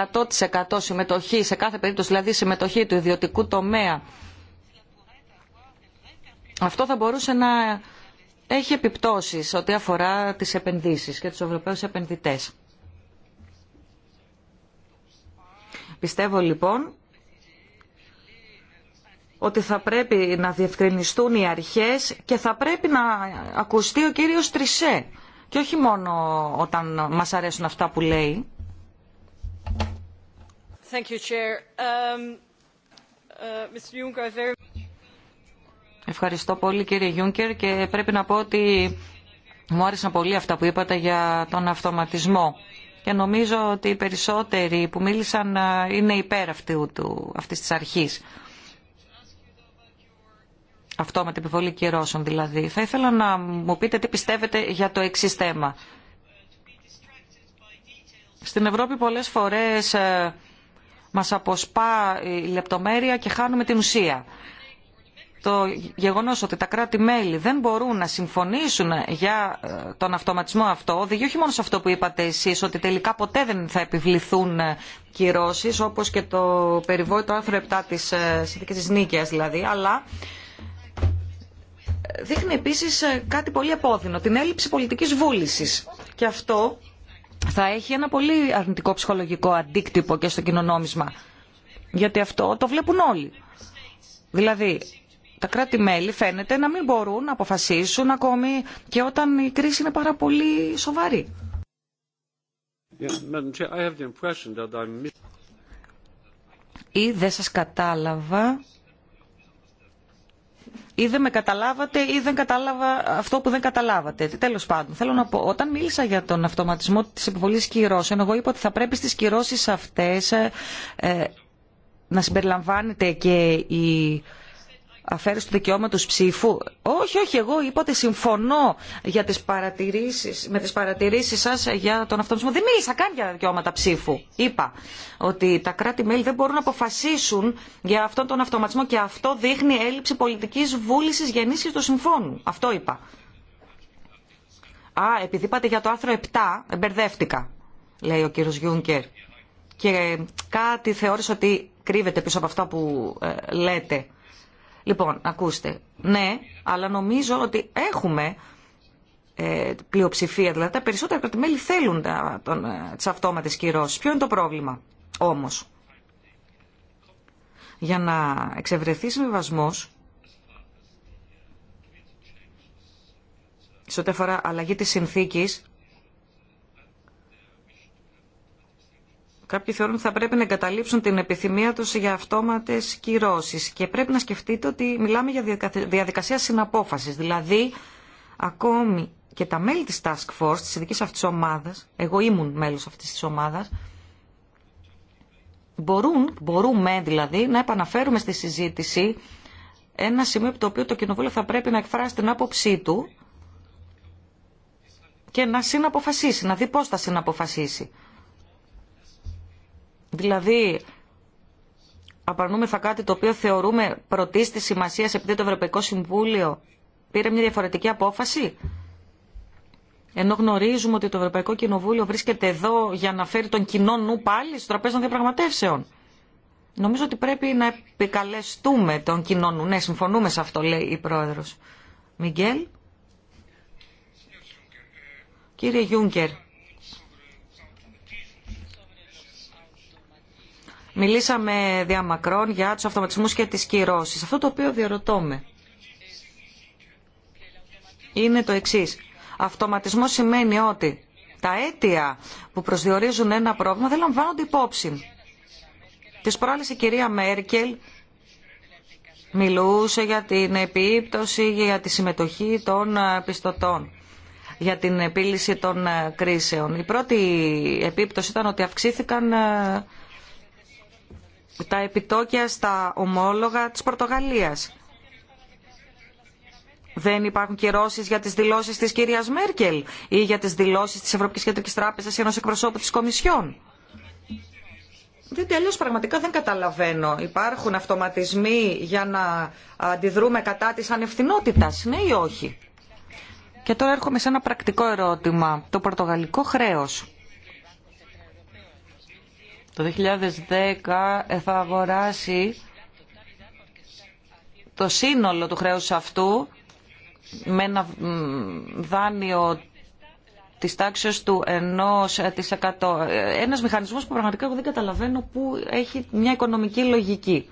100% συμμετοχή σε κάθε περίπτωση, δηλαδή συμμετοχή του ιδιωτικού τομέα, αυτό θα μπορούσε να έχει επιπτώσεις ό,τι αφορά τις επενδύσεις και τους Ευρωπαίους επενδυτές. Πιστεύω λοιπόν ότι θα πρέπει να διευκρινιστούν οι αρχές και θα πρέπει να ακουστεί ο κύριος Τρισέ και όχι μόνο όταν μας αρέσουν αυτά που λέει. Um, uh, Ευχαριστώ πολύ κύριε Γιούνκερ και πρέπει να πω ότι μου άρεσαν πολύ αυτά που είπατε για τον αυτοματισμό και νομίζω ότι οι περισσότεροι που μίλησαν ε, είναι υπέρ αυτού, του, αυτής της αρχής αυτόματη επιβολή κυρώσεων δηλαδή. Θα ήθελα να μου πείτε τι πιστεύετε για το εξή θέμα. Στην Ευρώπη πολλές φορές ε, μας αποσπά η λεπτομέρεια και χάνουμε την ουσία. Το γεγονός ότι τα κράτη-μέλη δεν μπορούν να συμφωνήσουν για ε, τον αυτοματισμό αυτό οδηγεί όχι μόνο σε αυτό που είπατε εσείς, ότι τελικά ποτέ δεν θα επιβληθούν ε, κυρώσεις, όπως και το περιβόητο άρθρο 7 της Συνθήκης της Νίκαιας δηλαδή, αλλά δείχνει επίσης ε, κάτι πολύ επώδυνο, την έλλειψη πολιτικής βούλησης. Και αυτό θα έχει ένα πολύ αρνητικό ψυχολογικό αντίκτυπο και στο κοινωνόμισμα. Γιατί αυτό το βλέπουν όλοι. Δηλαδή, τα κράτη-μέλη φαίνεται να μην μπορούν να αποφασίσουν ακόμη και όταν η κρίση είναι πάρα πολύ σοβαρή. Ή δεν σας κατάλαβα ή δεν με καταλάβατε ή δεν κατάλαβα αυτό που δεν καταλάβατε. Τέλο πάντων, θέλω να πω, όταν μίλησα για τον αυτοματισμό τη επιβολή κυρώσεων, εγώ είπα ότι θα πρέπει στι κυρώσει αυτέ ε, ε, να συμπεριλαμβάνεται και η αφαίρεση του δικαιώματο ψήφου. Όχι, όχι, εγώ είπα ότι συμφωνώ για τις παρατηρήσεις, με τι παρατηρήσει σα για τον αυτονομισμό. Δεν μίλησα καν για δικαιώματα ψήφου. Είπα ότι τα κράτη-μέλη δεν μπορούν να αποφασίσουν για αυτόν τον αυτοματισμό και αυτό δείχνει έλλειψη πολιτική βούληση για ενίσχυση του συμφώνου. Αυτό είπα. Α, επειδή είπατε για το άρθρο 7, εμπερδεύτηκα, λέει ο κύριο Γιούνκερ. Και κάτι θεώρησε ότι κρύβεται πίσω από αυτά που ε, λέτε. Λοιπόν, ακούστε, ναι, αλλά νομίζω ότι έχουμε ε, πλειοψηφία, δηλαδή τα περισσότερα κρατημέλη θέλουν τα, τον, ε, τις αυτόματες κυρώσεις. Ποιο είναι το πρόβλημα όμως. Για να εξευρεθεί συμβιβασμός, σε ό,τι αφορά αλλαγή της συνθήκης, Κάποιοι θεωρούν ότι θα πρέπει να εγκαταλείψουν την επιθυμία του για αυτόματες κυρώσει. Και πρέπει να σκεφτείτε ότι μιλάμε για διαδικασία συναπόφασης. Δηλαδή, ακόμη και τα μέλη τη Task Force, τη ειδική αυτή ομάδα, εγώ ήμουν μέλο αυτή τη ομάδα, μπορούν, μπορούμε δηλαδή να επαναφέρουμε στη συζήτηση ένα σημείο από το οποίο το Κοινοβούλιο θα πρέπει να εκφράσει την άποψή του και να συναποφασίσει, να δει πώς θα συναποφασίσει. Δηλαδή, απαρνούμεθα κάτι το οποίο θεωρούμε πρωτίστη σημασία επειδή το Ευρωπαϊκό Συμβούλιο πήρε μια διαφορετική απόφαση. Ενώ γνωρίζουμε ότι το Ευρωπαϊκό Κοινοβούλιο βρίσκεται εδώ για να φέρει τον κοινό νου πάλι στο τραπέζι των διαπραγματεύσεων. Νομίζω ότι πρέπει να επικαλεστούμε τον κοινό νου. Ναι, συμφωνούμε σε αυτό, λέει η Πρόεδρος. Μιγγέλ. Κύριε Γιούγκερ, Μιλήσαμε διαμακρών για τους αυτοματισμούς και τις κυρώσεις. Αυτό το οποίο διερωτώμε είναι το εξής. Αυτοματισμός σημαίνει ότι τα αίτια που προσδιορίζουν ένα πρόβλημα δεν λαμβάνονται υπόψη. Της προάλλης η κυρία Μέρκελ μιλούσε για την επίπτωση, για τη συμμετοχή των ε, πιστωτών για την επίλυση των ε, κρίσεων. Η πρώτη επίπτωση ήταν ότι αυξήθηκαν ε, τα επιτόκια στα ομόλογα της Πορτογαλίας. Δεν υπάρχουν κυρώσει για τι δηλώσει τη κυρία Μέρκελ ή για τι δηλώσει τη Ευρωπαϊκή Κεντρική Τράπεζα ή ενό εκπροσώπου τη Κομισιόν. Διότι αλλιώ πραγματικά δεν καταλαβαίνω. Υπάρχουν αυτοματισμοί για να αντιδρούμε κατά τη ανευθυνότητα, ναι ή όχι. Και τώρα έρχομαι σε ένα πρακτικό ερώτημα. Το πορτογαλικό χρέος το 2010 θα αγοράσει το σύνολο του χρέους αυτού με ένα δάνειο της τάξης του 1%. Ένας μηχανισμός που πραγματικά δεν καταλαβαίνω που έχει μια οικονομική λογική.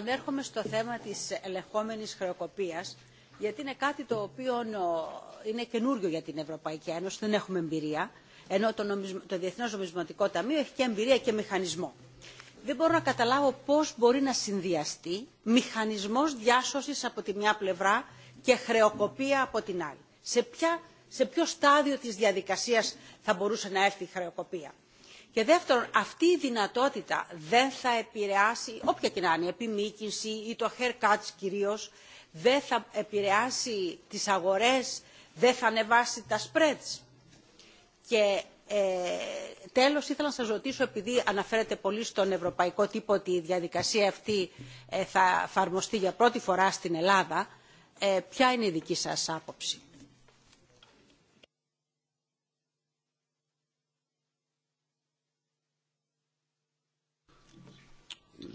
επανέρχομαι στο θέμα της ελεγχόμενης χρεοκοπίας, γιατί είναι κάτι το οποίο ε, είναι καινούριο για την Ευρωπαϊκή Ένωση, δεν έχουμε εμπειρία, ενώ το, νομισμα... Διεθνές Νομισματικό Ταμείο έχει και εμπειρία και μηχανισμό. Δεν μπορώ να καταλάβω πώς μπορεί να συνδυαστεί μηχανισμός διάσωσης από τη μια πλευρά και χρεοκοπία από την άλλη. Σε, σε ποιο στάδιο της διαδικασίας θα μπορούσε να έρθει η χρεοκοπία. Και δεύτερον, αυτή η δυνατότητα δεν θα επηρεάσει, όποια και να είναι, επιμήκυνση ή το haircut κυρίως, δεν θα επηρεάσει τις αγορές, δεν θα ανεβάσει τα spreads. Και ε, τέλος ήθελα να σας ρωτήσω, επειδή αναφέρεται πολύ στον ευρωπαϊκό τύπο ότι η διαδικασία αυτή ε, θα εφαρμοστεί για πρώτη φορά στην Ελλάδα, ε, ποια είναι η δική σας άποψη.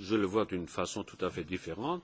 je le vois d'une façon tout à fait différente.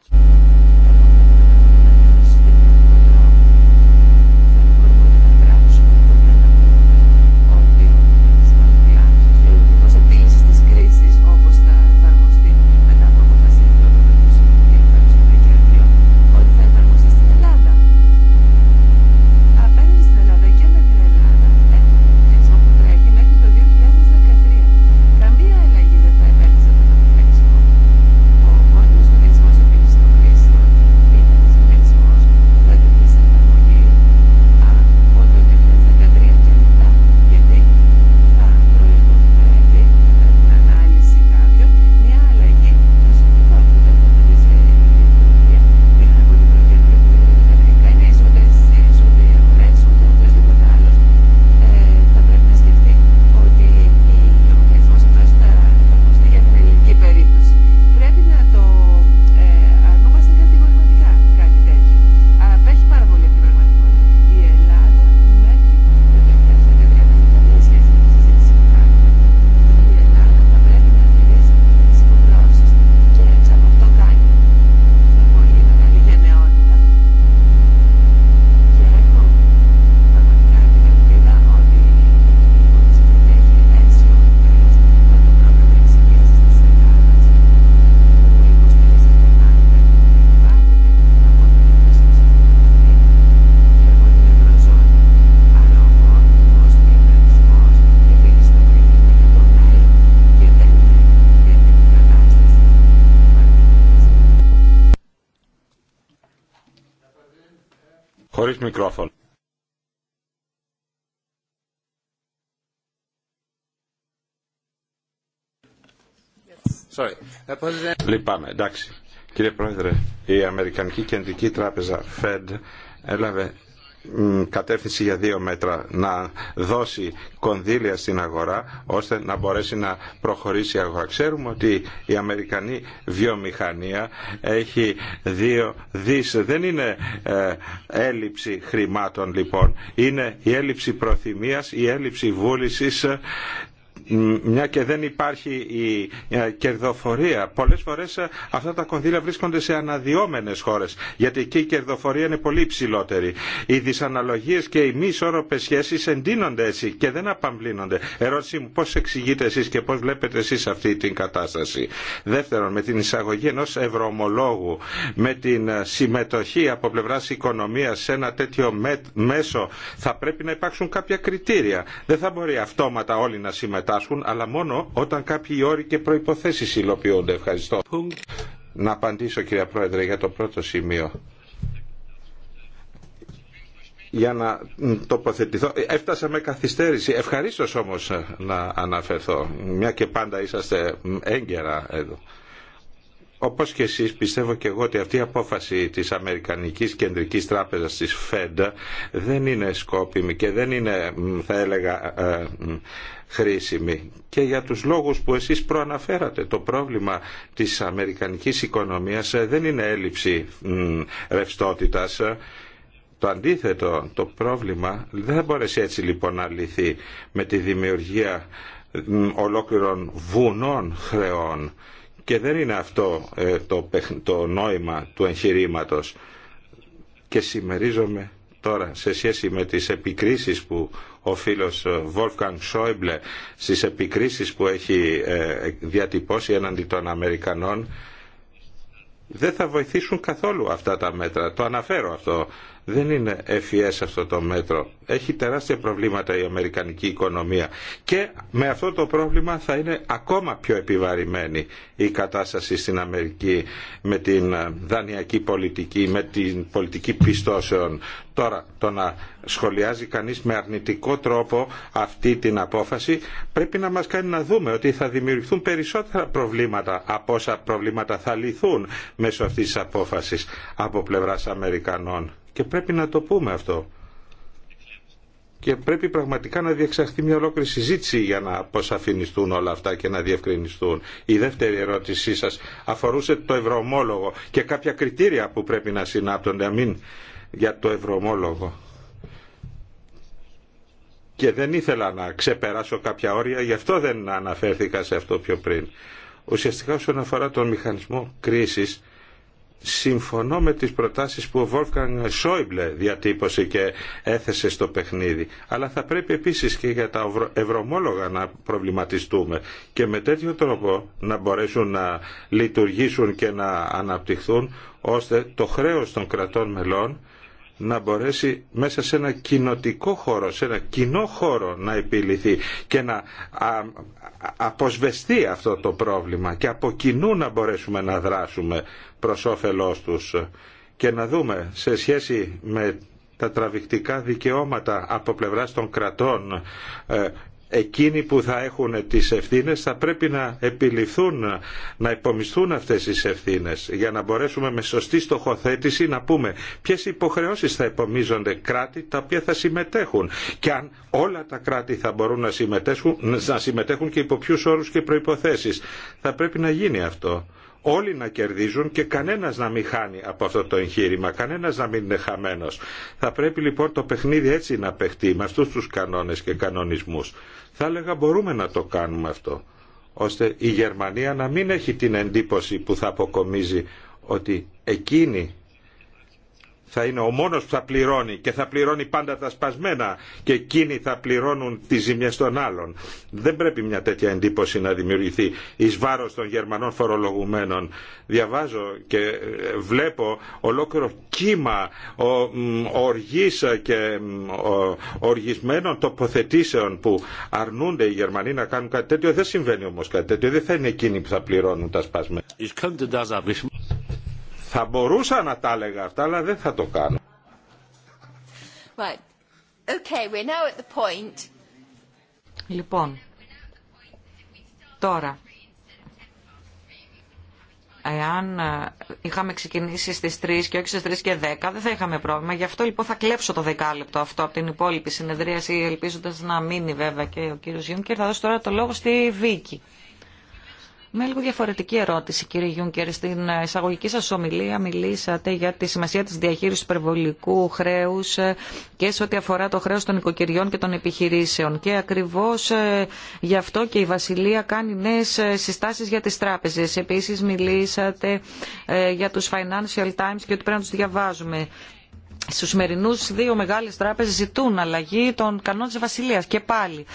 μικρόφωνο. Ε, Λυπάμαι, εντάξει. Κύριε Πρόεδρε, η Αμερικανική Κεντρική Τράπεζα Fed έλαβε κατεύθυνση για δύο μέτρα να δώσει κονδύλια στην αγορά ώστε να μπορέσει να προχωρήσει η αγορά. Ξέρουμε ότι η Αμερικανή βιομηχανία έχει δύο δις. Δεν είναι ε, έλλειψη χρημάτων λοιπόν. Είναι η έλλειψη προθυμίας, η έλλειψη βούλησης μια και δεν υπάρχει η ε, κερδοφορία. Πολλές φορές ε, αυτά τα κονδύλια βρίσκονται σε αναδυόμενες χώρες, γιατί εκεί η κερδοφορία είναι πολύ υψηλότερη. Οι δυσαναλογίες και οι μη ισόρροπες σχέσεις εντείνονται έτσι και δεν απαμβλύνονται. Ερώτησή μου, πώς εξηγείτε εσείς και πώς βλέπετε εσείς αυτή την κατάσταση. Δεύτερον, με την εισαγωγή ενός ευρωομολόγου, με την ε, συμμετοχή από πλευρά οικονομίας σε ένα τέτοιο μέσο, θα πρέπει να υπάρξουν κάποια κριτήρια. Δεν θα μπορεί αυτόματα όλοι να συμμετάσχουν αλλά μόνο όταν κάποιοι όροι και προποθέσει υλοποιούνται. Ευχαριστώ. Να απαντήσω κυρία Πρόεδρε για το πρώτο σημείο για να τοποθετηθώ. Ε, έφτασα με καθυστέρηση. Ευχαρίστω όμω να αναφερθώ, μια και πάντα είσαστε έγκαιρα εδώ. Όπως και εσείς πιστεύω και εγώ ότι αυτή η απόφαση της Αμερικανικής Κεντρικής Τράπεζας της Fed δεν είναι σκόπιμη και δεν είναι θα έλεγα ε, χρήσιμη και για τους λόγους που εσείς προαναφέρατε. Το πρόβλημα της Αμερικανικής οικονομίας ε, δεν είναι έλλειψη ρευστότητας. Το αντίθετο, το πρόβλημα δεν θα μπορέσει έτσι λοιπόν να λυθεί με τη δημιουργία ολόκληρων βουνών χρεών και δεν είναι αυτό ε, το, νόημα του εγχειρήματο. Και συμμερίζομαι τώρα σε σχέση με τις επικρίσεις που ο φίλος ε, Wolfgang Schäuble στις επικρίσεις που έχει ε, διατυπώσει έναντι των Αμερικανών δεν θα βοηθήσουν καθόλου αυτά τα μέτρα. Το αναφέρω αυτό δεν είναι ευφιές αυτό το μέτρο. Έχει τεράστια προβλήματα η αμερικανική οικονομία και με αυτό το πρόβλημα θα είναι ακόμα πιο επιβαρημένη η κατάσταση στην Αμερική με την ε, δανειακή πολιτική, με την πολιτική πιστώσεων. Τώρα, το να σχολιάζει κανείς με αρνητικό τρόπο αυτή την απόφαση πρέπει να μας κάνει να δούμε ότι θα δημιουργηθούν περισσότερα προβλήματα από όσα προβλήματα θα λυθούν μέσω αυτής της απόφασης από πλευράς Αμερικανών. Και πρέπει να το πούμε αυτό. Και πρέπει πραγματικά να διεξαχθεί μια ολόκληρη συζήτηση για να αποσαφινιστούν όλα αυτά και να διευκρινιστούν. Η δεύτερη ερώτησή σας αφορούσε το ευρωομόλογο και κάποια κριτήρια που πρέπει να συνάπτονται αμήν για το ευρωομόλογο. Και δεν ήθελα να ξεπεράσω κάποια όρια, γι' αυτό δεν αναφέρθηκα σε αυτό πιο πριν. Ουσιαστικά όσον αφορά τον μηχανισμό κρίσης, συμφωνώ με τις προτάσεις που ο Βόλφκαν Σόιμπλε διατύπωσε και έθεσε στο παιχνίδι. Αλλά θα πρέπει επίσης και για τα ευρωμόλογα να προβληματιστούμε και με τέτοιο τρόπο να μπορέσουν να λειτουργήσουν και να αναπτυχθούν ώστε το χρέος των κρατών μελών να μπορέσει μέσα σε ένα κοινοτικό χώρο, σε ένα κοινό χώρο να επιληθεί και να αποσβεστεί αυτό το πρόβλημα και από κοινού να μπορέσουμε να δράσουμε προς όφελός τους και να δούμε σε σχέση με τα τραβηκτικά δικαιώματα από πλευράς των κρατών ε, εκείνοι που θα έχουν τις ευθύνες θα πρέπει να επιληφθούν, να υπομισθούν αυτές τις ευθύνες για να μπορέσουμε με σωστή στοχοθέτηση να πούμε ποιες υποχρεώσεις θα υπομίζονται κράτη τα οποία θα συμμετέχουν και αν όλα τα κράτη θα μπορούν να συμμετέχουν, να συμμετέχουν και υπό ποιου όρους και προϋποθέσεις. Θα πρέπει να γίνει αυτό όλοι να κερδίζουν και κανένας να μην χάνει από αυτό το εγχείρημα, κανένας να μην είναι χαμένος. Θα πρέπει λοιπόν το παιχνίδι έτσι να παιχτεί με αυτούς τους κανόνες και κανονισμούς. Θα έλεγα μπορούμε να το κάνουμε αυτό, ώστε η Γερμανία να μην έχει την εντύπωση που θα αποκομίζει ότι εκείνη θα είναι ο μόνος που θα πληρώνει και θα πληρώνει πάντα τα σπασμένα και εκείνοι θα πληρώνουν τις ζημιές των άλλων. Δεν πρέπει μια τέτοια εντύπωση να δημιουργηθεί εις βάρος των Γερμανών φορολογουμένων. Διαβάζω και ε, βλέπω ολόκληρο κύμα οργής και οργισμένων τοποθετήσεων που αρνούνται οι Γερμανοί να κάνουν κάτι τέτοιο. Δεν συμβαίνει όμως κάτι τέτοιο. Δεν θα είναι εκείνοι που θα πληρώνουν τα σπασμένα. Θα μπορούσα να τα έλεγα αυτά, αλλά δεν θα το κάνω. Right. Okay, we're now at the point. Λοιπόν, τώρα, εάν ε, είχαμε ξεκινήσει στις 3 και όχι στις 3 και 10, δεν θα είχαμε πρόβλημα. Γι' αυτό λοιπόν θα κλέψω το δεκάλεπτο αυτό από την υπόλοιπη συνεδρίαση, ελπίζοντας να μείνει βέβαια και ο κύριος Γιούνκερ. Θα δώσω τώρα το λόγο στη Βίκη. Με λίγο διαφορετική ερώτηση, κύριε Γιούνκερ. Στην εισαγωγική σας ομιλία μιλήσατε για τη σημασία της διαχείρισης του υπερβολικού χρέους ε, και σε ό,τι αφορά το χρέος των οικοκυριών και των επιχειρήσεων. Και ακριβώς ε, γι' αυτό και η Βασιλεία κάνει νέε ε, συστάσεις για τις τράπεζες. Επίσης μιλήσατε για τους Financial Times και ότι πρέπει να του διαβάζουμε στου σημερινού, δύο μεγάλε τράπεζε ζητούν αλλαγή των κανόνων τη Βασιλεία. και πάλι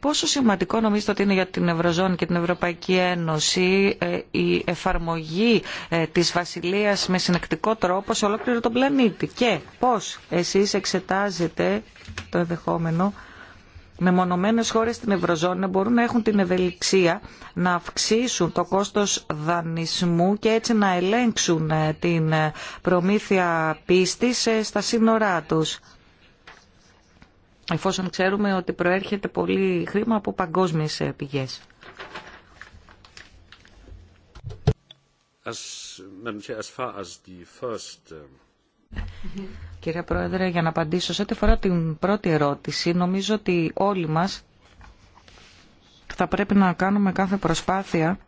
Πόσο σημαντικό νομίζετε ότι είναι για την Ευρωζώνη και την Ευρωπαϊκή Ένωση ε, η εφαρμογή ε, της Βασιλείας με συνεκτικό τρόπο σε ολόκληρο τον πλανήτη και πώς εσείς εξετάζετε το ενδεχόμενο μεμονωμένες χώρες στην Ευρωζώνη μπορούν να έχουν την ευελιξία να αυξήσουν το κόστος δανεισμού και έτσι να ελέγξουν ε, την προμήθεια πίστης στα σύνορά τους εφόσον ξέρουμε ότι προέρχεται πολύ χρήμα από παγκόσμιες ε, πηγές. Um, Κύριε Πρόεδρε, για να απαντήσω σε ό,τι φορά την πρώτη ερώτηση, νομίζω ότι όλοι μας θα πρέπει να κάνουμε κάθε προσπάθεια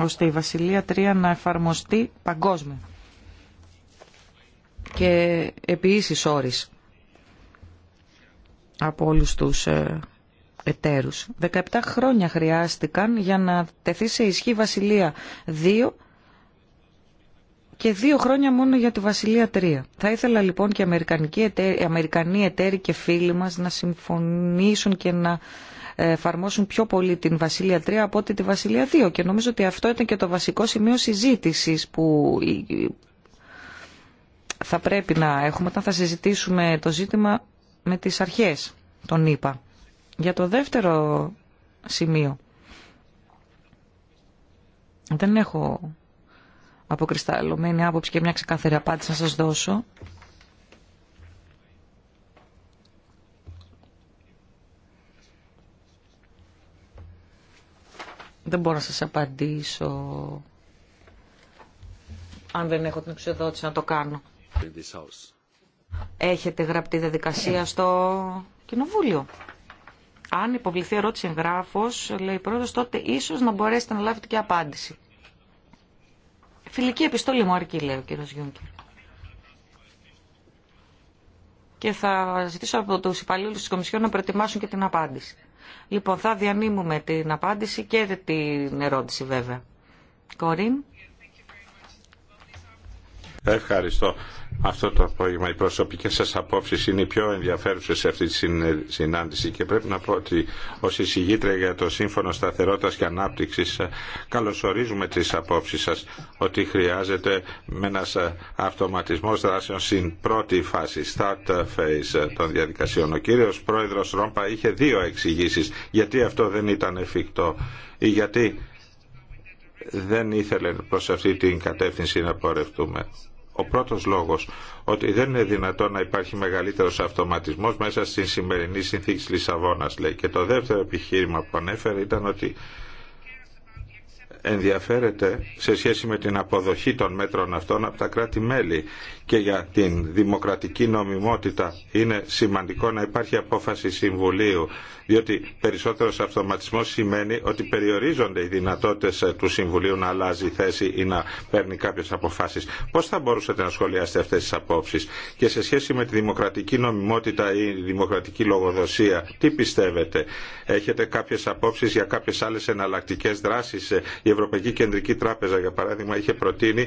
ώστε η Βασιλεία Τρία να εφαρμοστεί παγκόσμια και επί ίσης όρης από όλους τους ε, εταίρους. 17 χρόνια χρειάστηκαν για να τεθεί σε ισχύ Βασιλεία 2 και 2 χρόνια μόνο για τη Βασιλεία 3. Θα ήθελα λοιπόν και οι, οι Αμερικανοί εταίροι και φίλοι μας να συμφωνήσουν και να εφαρμόσουν πιο πολύ την Βασιλεία 3 από ότι τη Βασιλεία 2. Και νομίζω ότι αυτό ήταν και το βασικό σημείο συζήτησης που θα πρέπει να έχουμε όταν θα συζητήσουμε το ζήτημα με τις αρχές τον είπα Για το δεύτερο σημείο, δεν έχω αποκρισταλωμένη άποψη και μια ξεκάθαρη απάντηση να σας δώσω. Δεν μπορώ να σας απαντήσω αν δεν έχω την εξοδότηση να το κάνω. Έχετε γραπτή διαδικασία στο Κοινοβούλιο. Αν υποβληθεί ερώτηση εγγράφο, λέει η τότε ίσω να μπορέσετε να λάβετε και απάντηση. Φιλική επιστολή μου αρκεί, λέει ο κύριο Γιούνκερ. Και θα ζητήσω από του υπαλλήλου τη Κομισιόν να προετοιμάσουν και την απάντηση. Λοιπόν, θα διανύμουμε την απάντηση και την ερώτηση βέβαια. Κορίν. Ευχαριστώ. Αυτό το απόγευμα οι προσωπικές σας απόψεις είναι οι πιο ενδιαφέρουσες σε αυτή τη συνάντηση και πρέπει να πω ότι ως εισηγήτρια για το Σύμφωνο Σταθερότητας και Ανάπτυξης ε, καλωσορίζουμε τις απόψεις σας ότι χρειάζεται με ένας ε, αυτοματισμός δράσεων στην πρώτη φάση, start phase ε, των διαδικασιών. Ο κύριος πρόεδρος Ρόμπα είχε δύο εξηγήσει γιατί αυτό δεν ήταν εφικτό ή γιατί δεν ήθελε προς αυτή την κατεύθυνση να πορευτούμε. Ο πρώτος λόγος ότι δεν είναι δυνατό να υπάρχει μεγαλύτερος αυτοματισμός μέσα στην σημερινή συνθήκη της Λισαβόνας λέει. Και το δεύτερο επιχείρημα που ανέφερε ήταν ότι ενδιαφέρεται σε σχέση με την αποδοχή των μέτρων αυτών από τα κράτη-μέλη και για την δημοκρατική νομιμότητα είναι σημαντικό να υπάρχει απόφαση Συμβουλίου, διότι περισσότερος αυτοματισμός σημαίνει ότι περιορίζονται οι δυνατότητες ε, του Συμβουλίου να αλλάζει θέση ή να παίρνει κάποιες αποφάσεις. Πώς θα μπορούσατε να σχολιάσετε αυτές τις απόψεις και σε σχέση με τη δημοκρατική νομιμότητα ή δημοκρατική λογοδοσία, τι πιστεύετε, έχετε κάποιες απόψεις για κάποιες άλλες εναλλακτικές δράσεις. Ε, η Ευρωπαϊκή Κεντρική Τράπεζα, για παράδειγμα, είχε προτείνει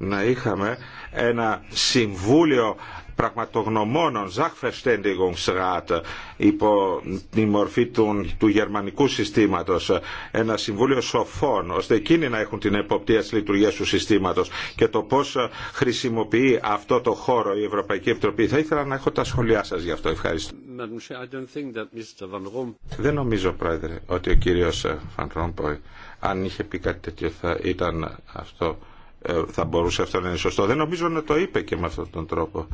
να είχαμε ένα συμβούλιο πραγματογνωμόνων Sachverständigungsrat υπό τη μορφή του, του γερμανικού συστήματος ένα συμβούλιο σοφών ώστε εκείνοι να έχουν την εποπτεία της λειτουργίας του συστήματος και το πώς χρησιμοποιεί αυτό το χώρο η Ευρωπαϊκή Επιτροπή. Θα ήθελα να έχω τα σχόλιά σας γι' αυτό. Ευχαριστώ. Δεν νομίζω, Πρόεδρε, ότι ο κύριος Φαν αν είχε πει κάτι τέτοιο θα ήταν αυτό ε, θα μπορούσε αυτό να είναι σωστό. Δεν νομίζω να το είπε και με αυτόν τον τρόπο.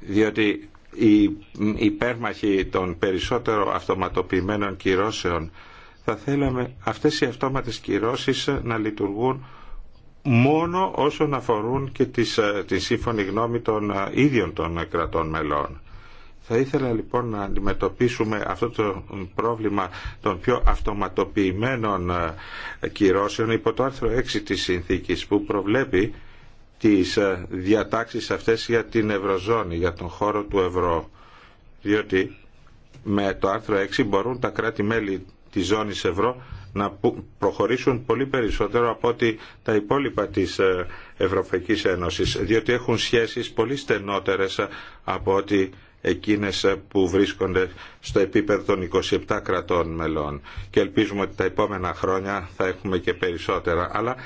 Διότι οι υπέρμαχοι των περισσότερων αυτοματοποιημένων κυρώσεων θα θέλαμε αυτές οι αυτόματες κυρώσεις να λειτουργούν μόνο όσον αφορούν και τις, ε, τη σύμφωνη γνώμη των ε, ίδιων των κρατών μελών. Θα ήθελα λοιπόν να αντιμετωπίσουμε αυτό το πρόβλημα των πιο αυτοματοποιημένων ε, κυρώσεων υπό το άρθρο 6 της συνθήκης που προβλέπει τις ε, διατάξεις αυτές για την Ευρωζώνη, για τον χώρο του ευρώ. Διότι με το άρθρο 6 μπορούν τα κράτη-μέλη της ζώνης ευρώ να προχωρήσουν πολύ περισσότερο από ότι τα υπόλοιπα της ε, Ευρωπαϊκής Ένωσης, διότι έχουν σχέσεις πολύ στενότερες από ότι εκείνες ε, που βρίσκονται στο επίπεδο των 27 κρατών μελών και ελπίζουμε ότι τα επόμενα χρόνια θα έχουμε και περισσότερα αλλά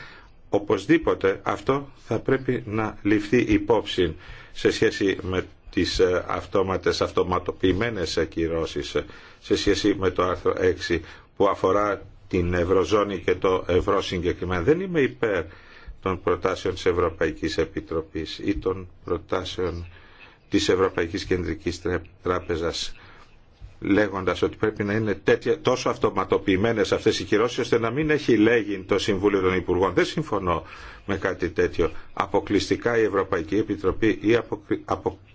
οπωσδήποτε αυτό θα πρέπει να ληφθεί υπόψη σε σχέση με τις ε, αυτόματες, αυτοματοποιημένες ακυρώσεις σε σχέση με το άρθρο 6 που αφορά την Ευρωζώνη και το Ευρώ συγκεκριμένα. Δεν είμαι υπέρ των προτάσεων της Ευρωπαϊκής Επιτροπής ή των προτάσεων της Ευρωπαϊκής Κεντρικής Τράπεζας λέγοντας ότι πρέπει να είναι τέτοια, τόσο αυτοματοποιημένες αυτές οι κυρώσεις ώστε να μην έχει λέγει το Συμβούλιο των Υπουργών. Δεν συμφωνώ με κάτι τέτοιο. Αποκλειστικά η Ευρωπαϊκή Επιτροπή ή αποκλει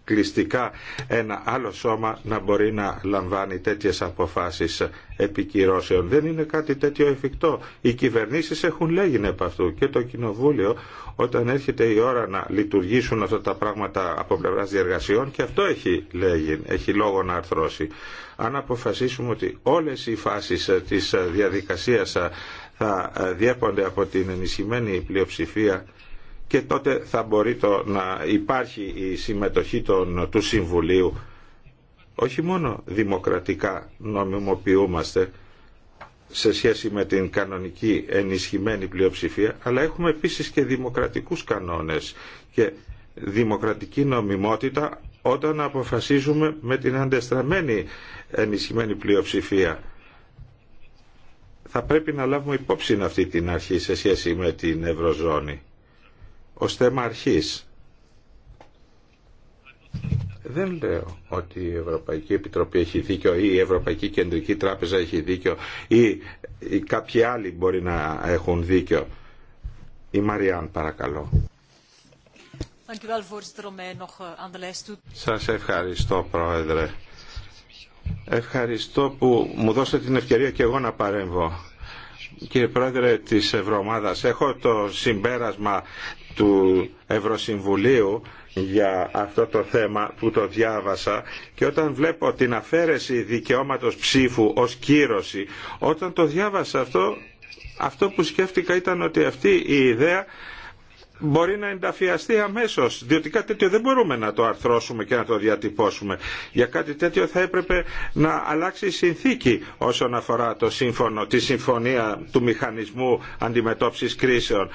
αποκλειστικά ένα άλλο σώμα να μπορεί να λαμβάνει τέτοιες αποφάσεις επικυρώσεων. Δεν είναι κάτι τέτοιο εφικτό. Οι κυβερνήσεις έχουν λέγει ναι, επ' αυτού και το Κοινοβούλιο όταν έρχεται η ώρα να λειτουργήσουν αυτά τα πράγματα από πλευρά διεργασιών και αυτό έχει λέγει, έχει λόγο να αρθρώσει. Αν αποφασίσουμε ότι όλες οι φάσεις της διαδικασίας θα διέπονται από την ενισχυμένη πλειοψηφία και τότε θα μπορεί το να υπάρχει η συμμετοχή των, του Συμβουλίου. Όχι μόνο δημοκρατικά νομιμοποιούμαστε σε σχέση με την κανονική ενισχυμένη πλειοψηφία, αλλά έχουμε επίσης και δημοκρατικούς κανόνες και δημοκρατική νομιμότητα όταν αποφασίζουμε με την αντεστραμμένη ενισχυμένη πλειοψηφία. Θα πρέπει να λάβουμε υπόψη αυτή την αρχή σε σχέση με την Ευρωζώνη ως θέμα αρχής. Δεν λέω ότι η Ευρωπαϊκή Επιτροπή έχει δίκιο ή η Ευρωπαϊκή Κεντρική Τράπεζα έχει δίκιο ή, ή κάποιοι άλλοι μπορεί να έχουν δίκιο. Η Μαριάν παρακαλώ. Σας ευχαριστώ Πρόεδρε. Ευχαριστώ που μου δώσετε την ευκαιρία και εγώ να παρέμβω. Κύριε Πρόεδρε της Ευρωομάδας, έχω το συμπέρασμα του Ευρωσυμβουλίου για αυτό το θέμα που το διάβασα και όταν βλέπω την αφαίρεση δικαιώματος ψήφου ως κύρωση, όταν το διάβασα αυτό, αυτό που σκέφτηκα ήταν ότι αυτή η ιδέα μπορεί να ενταφιαστεί αμέσως, Διότι κάτι τέτοιο δεν μπορούμε να το αρθρώσουμε και να το διατυπώσουμε. Για κάτι τέτοιο θα έπρεπε να αλλάξει η συνθήκη όσον αφορά το σύμφωνο, τη συμφωνία του μηχανισμού αντιμετώπισης κρίσεων.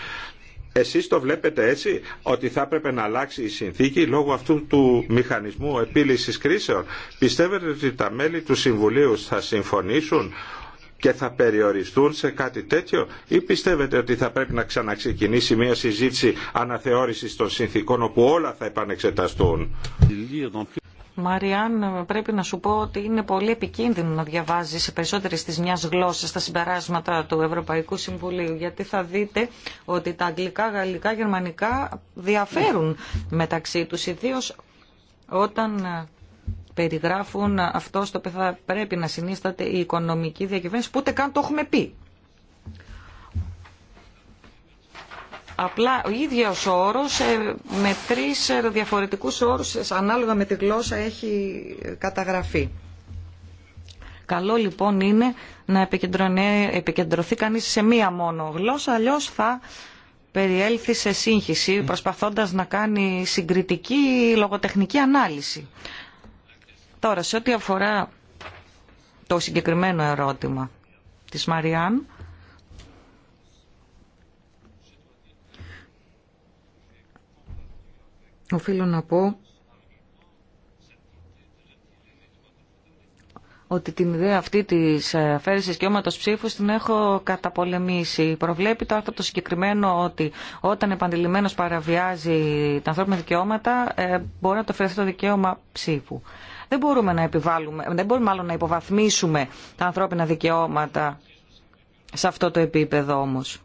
Εσείς το βλέπετε έτσι ότι θα έπρεπε να αλλάξει η συνθήκη λόγω αυτού του μηχανισμού επίλυσης κρίσεων. Πιστεύετε ότι τα μέλη του Συμβουλίου θα συμφωνήσουν και θα περιοριστούν σε κάτι τέτοιο ή πιστεύετε ότι θα πρέπει να ξαναξεκινήσει μια συζήτηση αναθεώρησης των συνθήκων όπου όλα θα επανεξεταστούν. Μαριάν, πρέπει να σου πω ότι είναι πολύ επικίνδυνο να διαβάζει σε περισσότερε τη μια γλώσσα τα συμπεράσματα του Ευρωπαϊκού Συμβουλίου, γιατί θα δείτε ότι τα αγγλικά, γαλλικά, γερμανικά διαφέρουν μεταξύ του, ιδίω όταν ε, περιγράφουν αυτό στο οποίο θα πρέπει να συνίσταται η οικονομική διακυβέρνηση, που ούτε καν το έχουμε πει. Απλά ο ίδιος όρος ε, με τρεις ε, διαφορετικούς όρους ε, ανάλογα με τη γλώσσα έχει καταγραφεί. Καλό λοιπόν είναι να επικεντρωθεί κανείς σε μία μόνο γλώσσα, αλλιώς θα περιέλθει σε σύγχυση προσπαθώντας να κάνει συγκριτική λογοτεχνική ανάλυση. Τώρα, σε ό,τι αφορά το συγκεκριμένο ερώτημα της Μαριάν, οφείλω να πω ότι την ιδέα αυτή της αφαίρεσης δικαιώματος ψήφου την έχω καταπολεμήσει. Προβλέπει το άρθρο το συγκεκριμένο ότι όταν επαντηλημμένος παραβιάζει τα ανθρώπινα δικαιώματα ε, μπορεί να το αφαιρεθεί το δικαίωμα ψήφου. Δεν μπορούμε να επιβάλλουμε, δεν μπορούμε μάλλον να υποβαθμίσουμε τα ανθρώπινα δικαιώματα σε αυτό το επίπεδο όμως.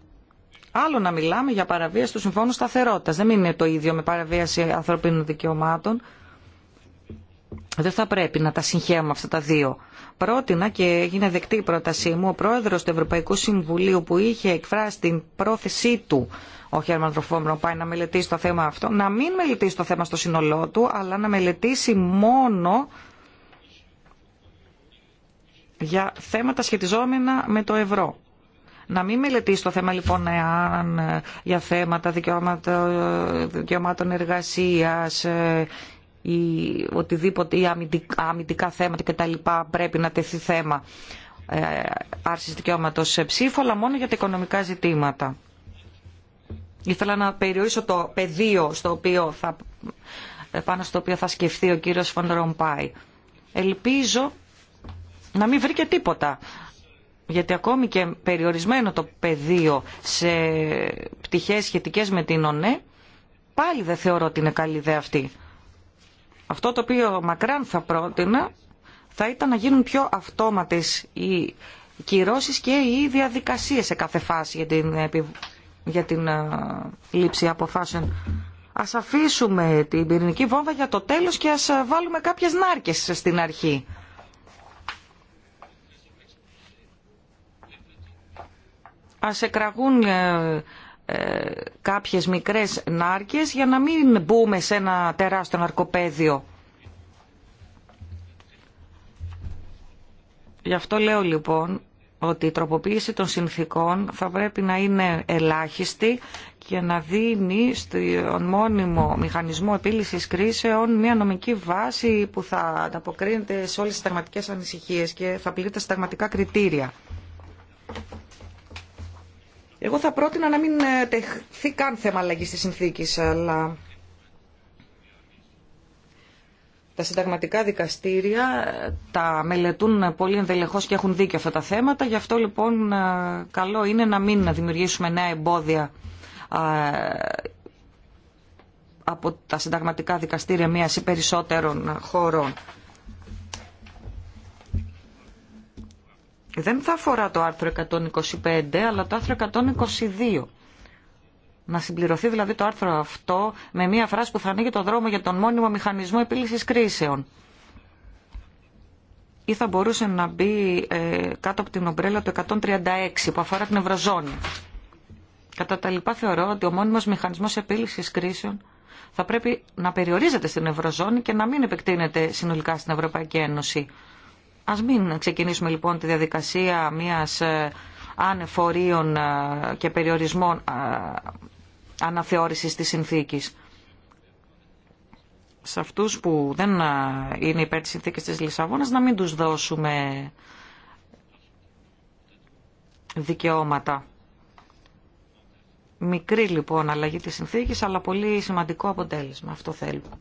Άλλο να μιλάμε για παραβίαση του Συμφώνου σταθερότητα. Δεν είναι το ίδιο με παραβίαση ανθρωπίνων δικαιωμάτων. Δεν θα πρέπει να τα συγχαίρουμε αυτά τα δύο. Πρότεινα και έγινε δεκτή η πρότασή μου ο πρόεδρο του Ευρωπαϊκού Συμβουλίου που είχε εκφράσει την πρόθεσή του ο Χέρμαν Ροφόμπρο πάει να μελετήσει το θέμα αυτό, να μην μελετήσει το θέμα στο σύνολό του, αλλά να μελετήσει μόνο για θέματα σχετιζόμενα με το ευρώ. Να μην μελετήσει το θέμα λοιπόν εάν ε, για θέματα δικαιωμάτων εργασίας ε, ή οτιδήποτε ή αμυντικά θέματα κτλ. πρέπει να τεθεί θέμα ε, άρσης δικαιώματος ψήφο αλλά μόνο για τα οικονομικά ζητήματα. Ήθελα να περιορίσω το πεδίο στο οποίο θα, πάνω στο οποίο θα σκεφτεί ο κύριος Φον Ελπίζω να μην βρήκε τίποτα γιατί ακόμη και περιορισμένο το πεδίο σε πτυχές σχετικές με την ΟΝΕ, πάλι δεν θεωρώ ότι είναι καλή ιδέα αυτή. Αυτό το οποίο μακράν θα πρότεινα θα ήταν να γίνουν πιο αυτόματες οι κυρώσεις και οι διαδικασίες σε κάθε φάση για την, για την λήψη αποφάσεων. Ας αφήσουμε την πυρηνική βόμβα για το τέλος και ας βάλουμε κάποιες νάρκες στην αρχή. Ας εκραγούν ε, ε, κάποιες μικρές νάρκες για να μην μπούμε σε ένα τεράστιο ναρκοπαίδιο. Γι' αυτό λέω λοιπόν ότι η τροποποίηση των συνθήκων θα πρέπει να είναι ελάχιστη και να δίνει στον μόνιμο μηχανισμό επίλυσης κρίσεων μια νομική βάση που θα ανταποκρίνεται σε όλες τις σταγματικές ανησυχίες και θα πληρεί τα σταγματικά κριτήρια. Εγώ θα πρότεινα να μην ε, τεχθεί καν θέμα αλλαγή τη συνθήκη, αλλά τα συνταγματικά δικαστήρια ε, τα μελετούν πολύ ενδελεχώς και έχουν δίκιο αυτά τα θέματα. Γι' αυτό λοιπόν ε, καλό είναι να μην δημιουργήσουμε νέα εμπόδια από τα συνταγματικά δικαστήρια μίας ή περισσότερων χωρών. δεν θα αφορά το άρθρο 125 αλλά το άρθρο 122. Να συμπληρωθεί δηλαδή το άρθρο αυτό με μια φράση που θα ανοίγει το δρόμο για τον μόνιμο μηχανισμό επίλυσης κρίσεων. Ή θα μπορούσε να μπει ε, κάτω από την ομπρέλα το 136 που αφορά την Ευρωζώνη. Κατά τα λοιπά θεωρώ ότι ο μόνιμος μηχανισμός επίλυσης κρίσεων θα πρέπει να περιορίζεται στην Ευρωζώνη και να μην επεκτείνεται συνολικά στην Ευρωπαϊκή Ένωση. Ας μην ξεκινήσουμε λοιπόν τη διαδικασία μιας ε, ανεφορίων ε, και περιορισμών ε, αναθεώρησης της συνθήκης. Σε αυτούς που δεν είναι υπέρ της συνθήκης της Λισαβόνας να μην τους δώσουμε δικαιώματα. Μικρή λοιπόν αλλαγή της συνθήκης, αλλά πολύ σημαντικό αποτέλεσμα. Αυτό θέλουμε.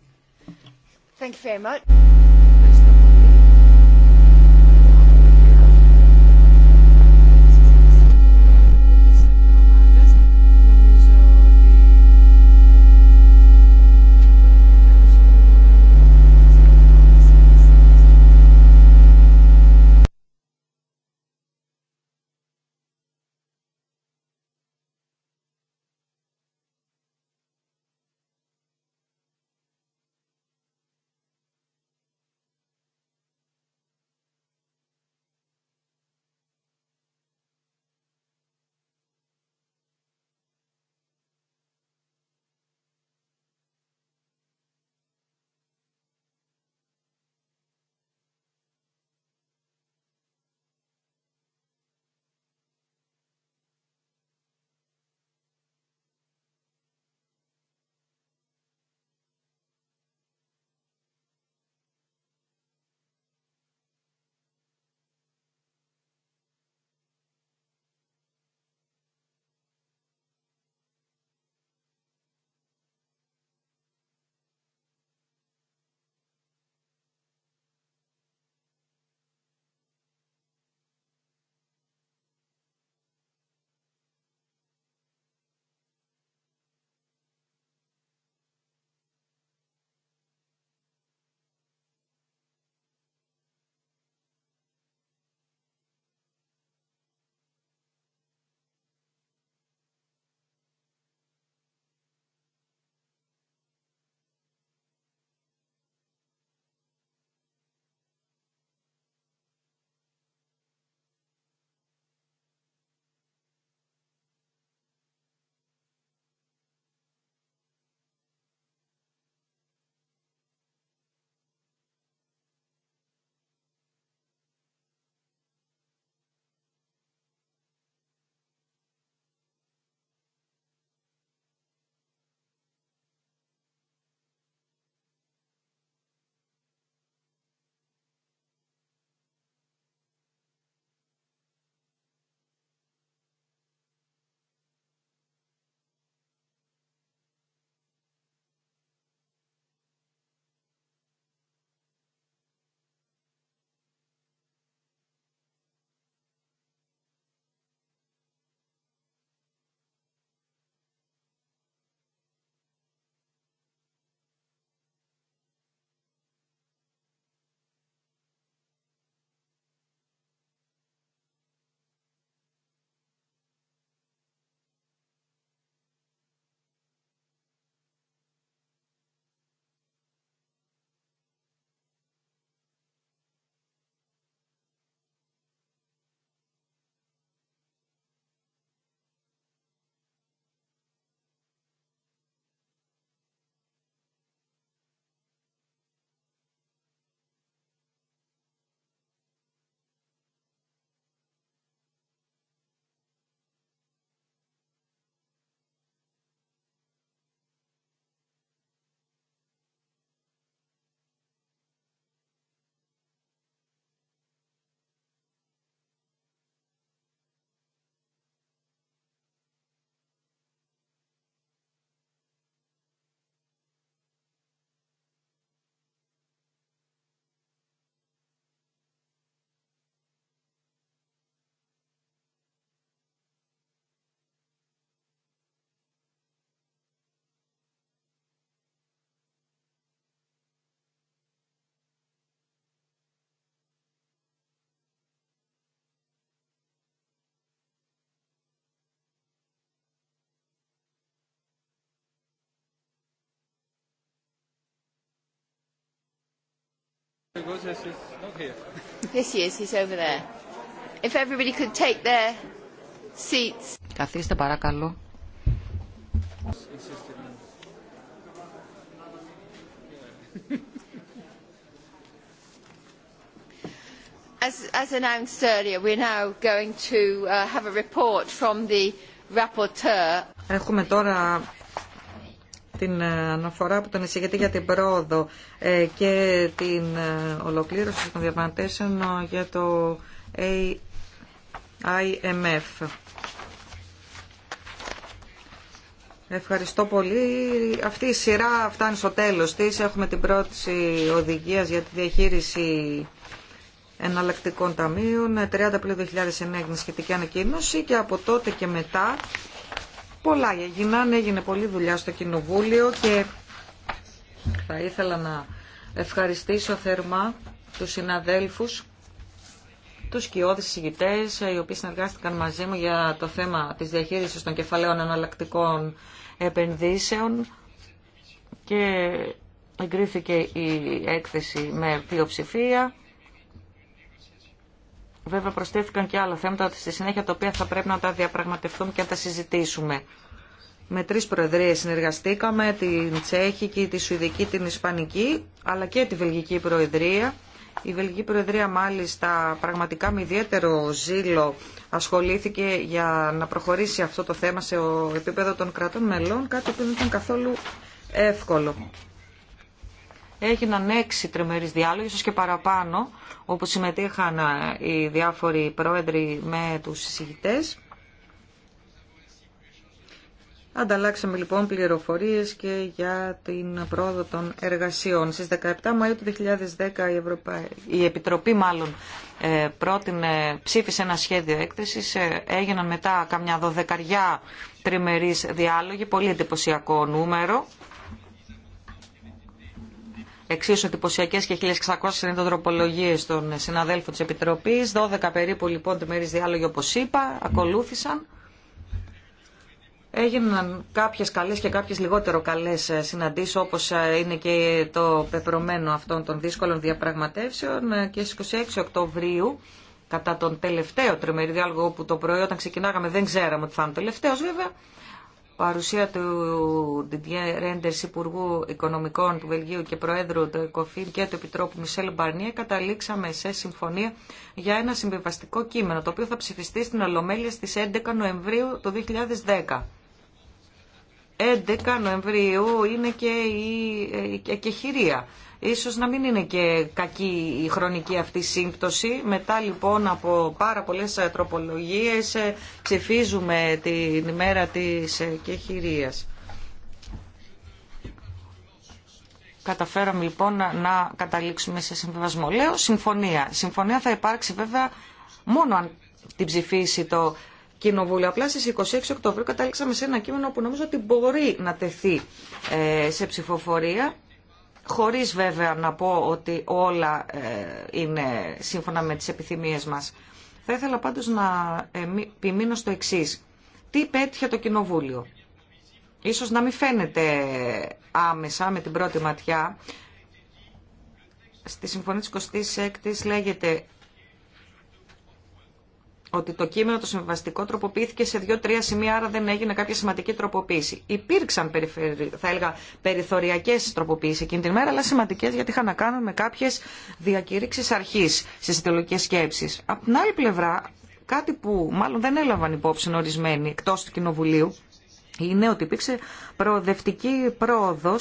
Yes, yes, he's over there. If everybody could take their seats. Καθίστε παρακαλώ. As, as announced earlier, we're now going to have a report from the rapporteur. Έχουμε τώρα την ε, αναφορά που τον εισηγητή για την πρόοδο ε, και την ε, ολοκλήρωση των διαπραγματεύσεων για το IMF. Ευχαριστώ πολύ. Αυτή η σειρά φτάνει στο τέλος της. Έχουμε την πρόταση οδηγίας για τη διαχείριση εναλλακτικών ταμείων. 30 Απριλίου 2009 σχετική ανακοίνωση και από τότε και μετά Πολλά έγιναν, έγινε πολλή δουλειά στο Κοινοβούλιο και θα ήθελα να ευχαριστήσω θερμά τους συναδέλφους, τους κοιόδης συγητές, οι οποίοι συνεργάστηκαν μαζί μου για το θέμα της διαχείρισης των κεφαλαίων εναλλακτικών επενδύσεων και εγκρίθηκε η έκθεση με πλειοψηφία. Βέβαια προσθέθηκαν και άλλα θέματα στη συνέχεια τα οποία θα πρέπει να τα διαπραγματευτούμε και να τα συζητήσουμε. Με τρεις προεδρίες συνεργαστήκαμε, την Τσέχικη, τη Σουηδική, την Ισπανική, αλλά και τη Βελγική Προεδρία. Η Βελγική Προεδρία μάλιστα πραγματικά με ιδιαίτερο ζήλο ασχολήθηκε για να προχωρήσει αυτό το θέμα σε επίπεδο των κρατών μελών, κάτι που δεν ήταν καθόλου εύκολο έγιναν έξι τριμερείς διάλογοι, ίσως και παραπάνω, όπου συμμετείχαν ε, οι διάφοροι πρόεδροι με τους συζητητές. Ανταλλάξαμε λοιπόν πληροφορίες και για την πρόοδο των εργασιών. Στις 17 Μαΐου του 2010 η, Επιτροπή μάλλον ε, πρότεινε, ψήφισε ένα σχέδιο έκθεσης. Ε, έγιναν μετά καμιά δωδεκαριά τριμερείς διάλογοι, πολύ εντυπωσιακό νούμερο εξίσου εντυπωσιακέ και 1690 τροπολογίε των συναδέλφων τη Επιτροπή. 12 περίπου λοιπόν τριμερεί διάλογοι, όπω είπα, ακολούθησαν. Έγιναν κάποιε καλέ και κάποιε λιγότερο καλέ συναντήσει, όπω είναι και το πεπρωμένο αυτών των δύσκολων διαπραγματεύσεων. Και στι 26 Οκτωβρίου, κατά τον τελευταίο τριμερή διάλογο, που το πρωί όταν ξεκινάγαμε δεν ξέραμε ότι θα είναι τελευταίο βέβαια, παρουσία του Didier Ρέντερ Υπουργού Οικονομικών του Βελγίου και Προέδρου του ΕΚΟΦΗΝ και του Επιτρόπου Μισελ Μπαρνιέ, καταλήξαμε σε συμφωνία για ένα συμβιβαστικό κείμενο, το οποίο θα ψηφιστεί στην Ολομέλεια στις 11 Νοεμβρίου του 2010. 11 Νοεμβρίου είναι και η εκεχηρία Ίσως να μην είναι και κακή η χρονική αυτή σύμπτωση. Μετά λοιπόν από πάρα πολλές ε, τροπολογίες ε, ψηφίζουμε την ημέρα της ε, κεχηρίας. Καταφέραμε λοιπόν να καταλήξουμε σε συμβιβασμό. Λέω συμφωνία. Συμφωνία θα υπάρξει βέβαια μόνο αν την ψηφίσει το Κοινοβούλιο. Απλά στις 26 Οκτωβρίου καταλήξαμε σε ένα κείμενο που νομίζω ότι μπορεί να τεθεί σε ψηφοφορία χωρίς βέβαια να πω ότι όλα ε, είναι σύμφωνα με τις επιθυμίες μας. Θα ήθελα πάντως να ε, επιμείνω στο εξής. Τι πέτυχε το Κοινοβούλιο. Ίσως να μην φαίνεται άμεσα με την πρώτη ματιά. Στη Συμφωνία της 26 λέγεται ότι το κείμενο το συμβαστικό τροποποιήθηκε σε δύο-τρία σημεία, άρα δεν έγινε κάποια σημαντική τροποποίηση. Υπήρξαν, θα έλεγα, περιθωριακέ τροποποίησει εκείνη την μέρα, αλλά σημαντικέ γιατί είχαν να κάνουν με κάποιε διακήρυξει αρχή στι ιδεολογικέ σκέψει. Από την άλλη πλευρά, κάτι που μάλλον δεν έλαβαν υπόψη ορισμένοι εκτό του Κοινοβουλίου, είναι ότι υπήρξε προοδευτική πρόοδο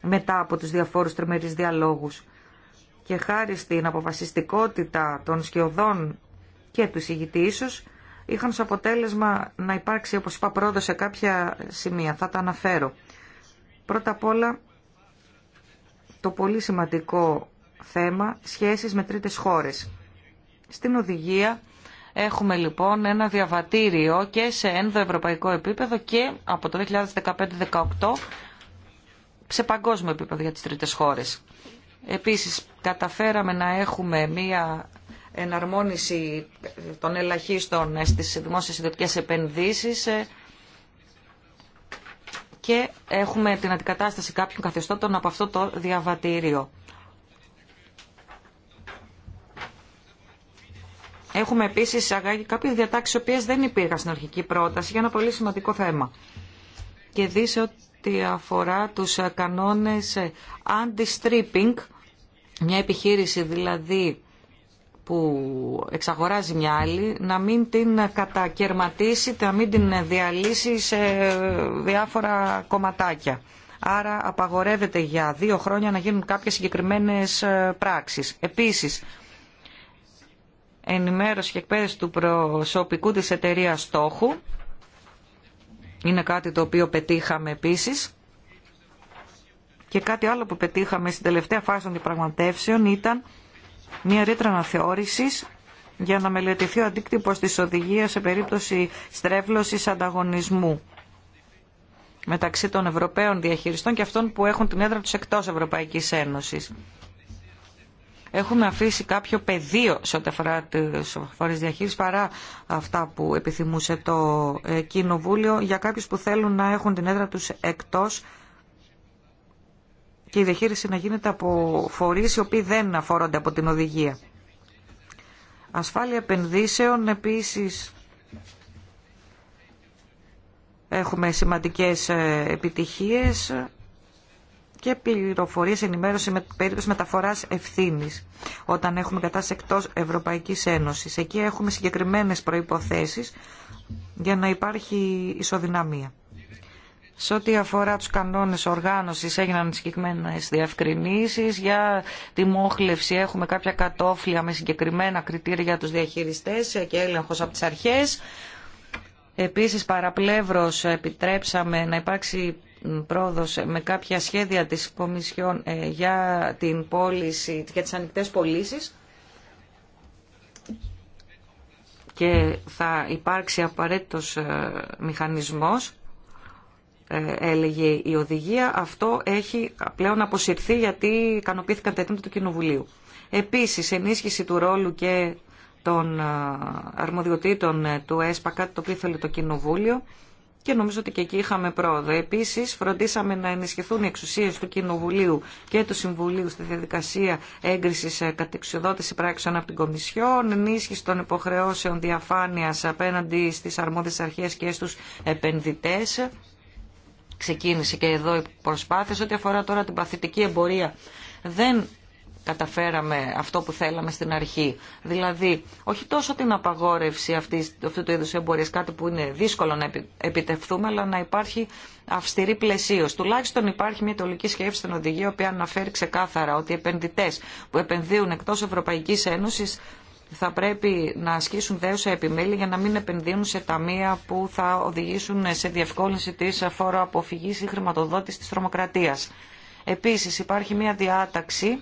μετά από του διαφόρου τριμερεί διαλόγου και χάρη στην αποφασιστικότητα των σκιωδών και του ηγητή ίσω είχαν αποτέλεσμα να υπάρξει, όπως είπα, πρόοδο σε κάποια σημεία. Θα τα αναφέρω. Πρώτα απ' όλα, το πολύ σημαντικό θέμα σχέσεις με τρίτες χώρες. Στην οδηγία έχουμε λοιπόν ένα διαβατήριο και σε ενδοευρωπαϊκό επίπεδο και από το 2015-2018 σε παγκόσμιο επίπεδο για τις τρίτες χώρες. Επίσης καταφέραμε να έχουμε μία εναρμόνιση των ελαχίστων ε, στις δημόσιες ιδιωτικές επενδύσεις ε, και έχουμε την αντικατάσταση κάποιων καθεστώτων από αυτό το διαβατήριο. Έχουμε επίσης αγάγει κάποιες διατάξεις οποίες δεν υπήρχαν στην αρχική πρόταση για ένα πολύ σημαντικό θέμα. Και δει ό,τι αφορά τους ε, κανόνες anti-stripping, μια επιχείρηση δηλαδή που εξαγοράζει μια άλλη να μην την κατακαιρματίσει, να μην την διαλύσει σε διάφορα κομματάκια. Άρα απαγορεύεται για δύο χρόνια να γίνουν κάποιες συγκεκριμένες ε, πράξεις. Επίσης, ενημέρωση και εκπαίδευση του προσωπικού της εταιρείας στόχου είναι κάτι το οποίο πετύχαμε επίσης. Και κάτι άλλο που πετύχαμε στην τελευταία φάση των διαπραγματεύσεων ήταν μια ρήτρα αναθεώρησης για να μελετηθεί ο αντίκτυπος της οδηγίας σε περίπτωση στρέβλωσης ανταγωνισμού μεταξύ των Ευρωπαίων διαχειριστών και αυτών που έχουν την έδρα του εκτός Ευρωπαϊκή Ένωση. Έχουμε αφήσει κάποιο πεδίο σε ό,τι αφορά τις φορές διαχείριση παρά αυτά που επιθυμούσε το Κοινοβούλιο για κάποιου που θέλουν να έχουν την έδρα τους εκτός και η διαχείριση να γίνεται από φορεί οι οποίοι δεν αφορούνται από την οδηγία. Ασφάλεια επενδύσεων επίσης έχουμε σημαντικές ε, επιτυχίες και πληροφορίες ενημέρωση με περίπτωση μεταφοράς ευθύνης όταν έχουμε κατάσταση εκτός Ευρωπαϊκής Ένωσης. Εκεί έχουμε συγκεκριμένες προϋποθέσεις για να υπάρχει ισοδυναμία. Σε ό,τι αφορά τους κανόνες οργάνωσης έγιναν συγκεκριμένε διευκρινήσεις. Για τη μόχλευση έχουμε κάποια κατόφλια με συγκεκριμένα κριτήρια για τους διαχειριστές και έλεγχος από τις αρχές. Επίσης παραπλεύρως επιτρέψαμε να υπάρξει πρόοδος με κάποια σχέδια της Κομισιόν ε, για, την πώληση, για τις ανοιχτές πωλήσει. και θα υπάρξει απαραίτητος ε, μηχανισμός ε, έλεγε η οδηγία, αυτό έχει πλέον αποσυρθεί γιατί ικανοποιήθηκαν τα αιτήματα του Κοινοβουλίου. Επίσης, ενίσχυση του ρόλου και των ε, αρμοδιοτήτων ε, του ΕΣΠΑ, κάτι το οποίο ήθελε το Κοινοβούλιο και νομίζω ότι και εκεί είχαμε πρόοδο. Επίσης, φροντίσαμε να ενισχυθούν οι εξουσίες του Κοινοβουλίου και του Συμβουλίου στη διαδικασία έγκριση κατεξιοδότηση πράξεων από την Κομισιόν, ενίσχυση των υποχρεώσεων διαφάνεια απέναντι στι αρμόδιες αρχές και στου επενδυτέ ξεκίνησε και εδώ η προσπάθεια. Ό,τι αφορά τώρα την παθητική εμπορία, δεν καταφέραμε αυτό που θέλαμε στην αρχή. Δηλαδή, όχι τόσο την απαγόρευση αυτής, αυτού του είδους εμπορίας, κάτι που είναι δύσκολο να επιτευχθούμε, αλλά να υπάρχει αυστηρή πλαισίωση. Τουλάχιστον υπάρχει μια τολική σκέψη στην οδηγία, η οποία αναφέρει ξεκάθαρα ότι οι επενδυτές που επενδύουν εκτός Ευρωπαϊκής Ένωσης θα πρέπει να ασκήσουν δέουσα επιμέλεια για να μην επενδύουν σε ταμεία που θα οδηγήσουν σε διευκόλυνση τη φόρο αποφυγής ή χρηματοδότησης της τρομοκρατίας. Επίσης υπάρχει μια διάταξη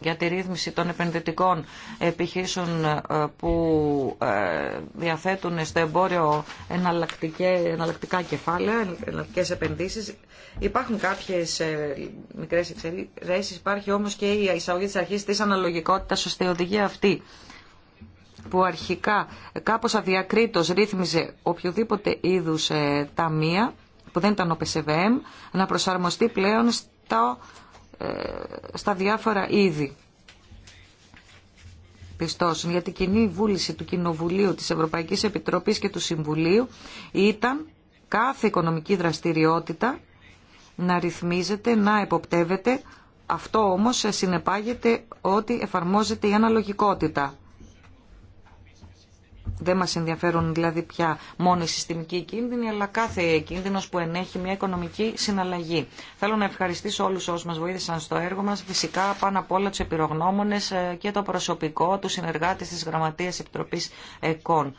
για τη ρύθμιση των επενδυτικών επιχείρησεων ε, που ε, διαθέτουν στο εμπόριο εναλλακτικά κεφάλαια, εναλλακτικέ επενδύσει. Υπάρχουν κάποιε μικρέ εξαιρέσει, υπάρχει όμω και η εισαγωγή τη αρχή τη αναλογικότητα ώστε η οδηγία αυτή που αρχικά κάπως αδιακρίτως ρύθμιζε οποιοδήποτε είδους ε, ταμεία που δεν ήταν ο PSVM, να προσαρμοστεί πλέον στο ε, στα διάφορα είδη πιστώσεων. Γιατί η κοινή βούληση του Κοινοβουλίου, της Ευρωπαϊκής Επιτροπής και του Συμβουλίου ήταν κάθε οικονομική δραστηριότητα να ρυθμίζεται, να εποπτεύεται. Αυτό όμως συνεπάγεται ότι εφαρμόζεται η αναλογικότητα. Δεν μας ενδιαφέρουν δηλαδή πια μόνο οι συστημικοί κίνδυνοι, αλλά κάθε κίνδυνος που ενέχει μια οικονομική συναλλαγή. Θέλω να ευχαριστήσω όλους όσους μας βοήθησαν στο έργο μας, φυσικά πάνω απ' όλα τους επιρογνώμονες ε, και το προσωπικό, του συνεργάτες της Γραμματείας Επιτροπής ΕΚΟΝ.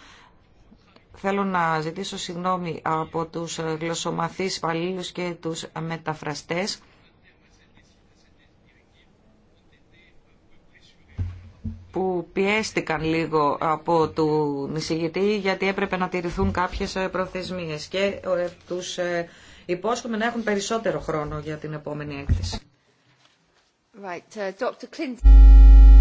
Θέλω να ζητήσω συγγνώμη από τους γλωσσομαθείς υπαλλήλου και τους μεταφραστές. που πιέστηκαν λίγο από του εισηγητή γιατί έπρεπε να τηρηθούν κάποιες ε, προθεσμίες και ε, τους ε, υπόσχομαι να έχουν περισσότερο χρόνο για την επόμενη έκθεση. Uh,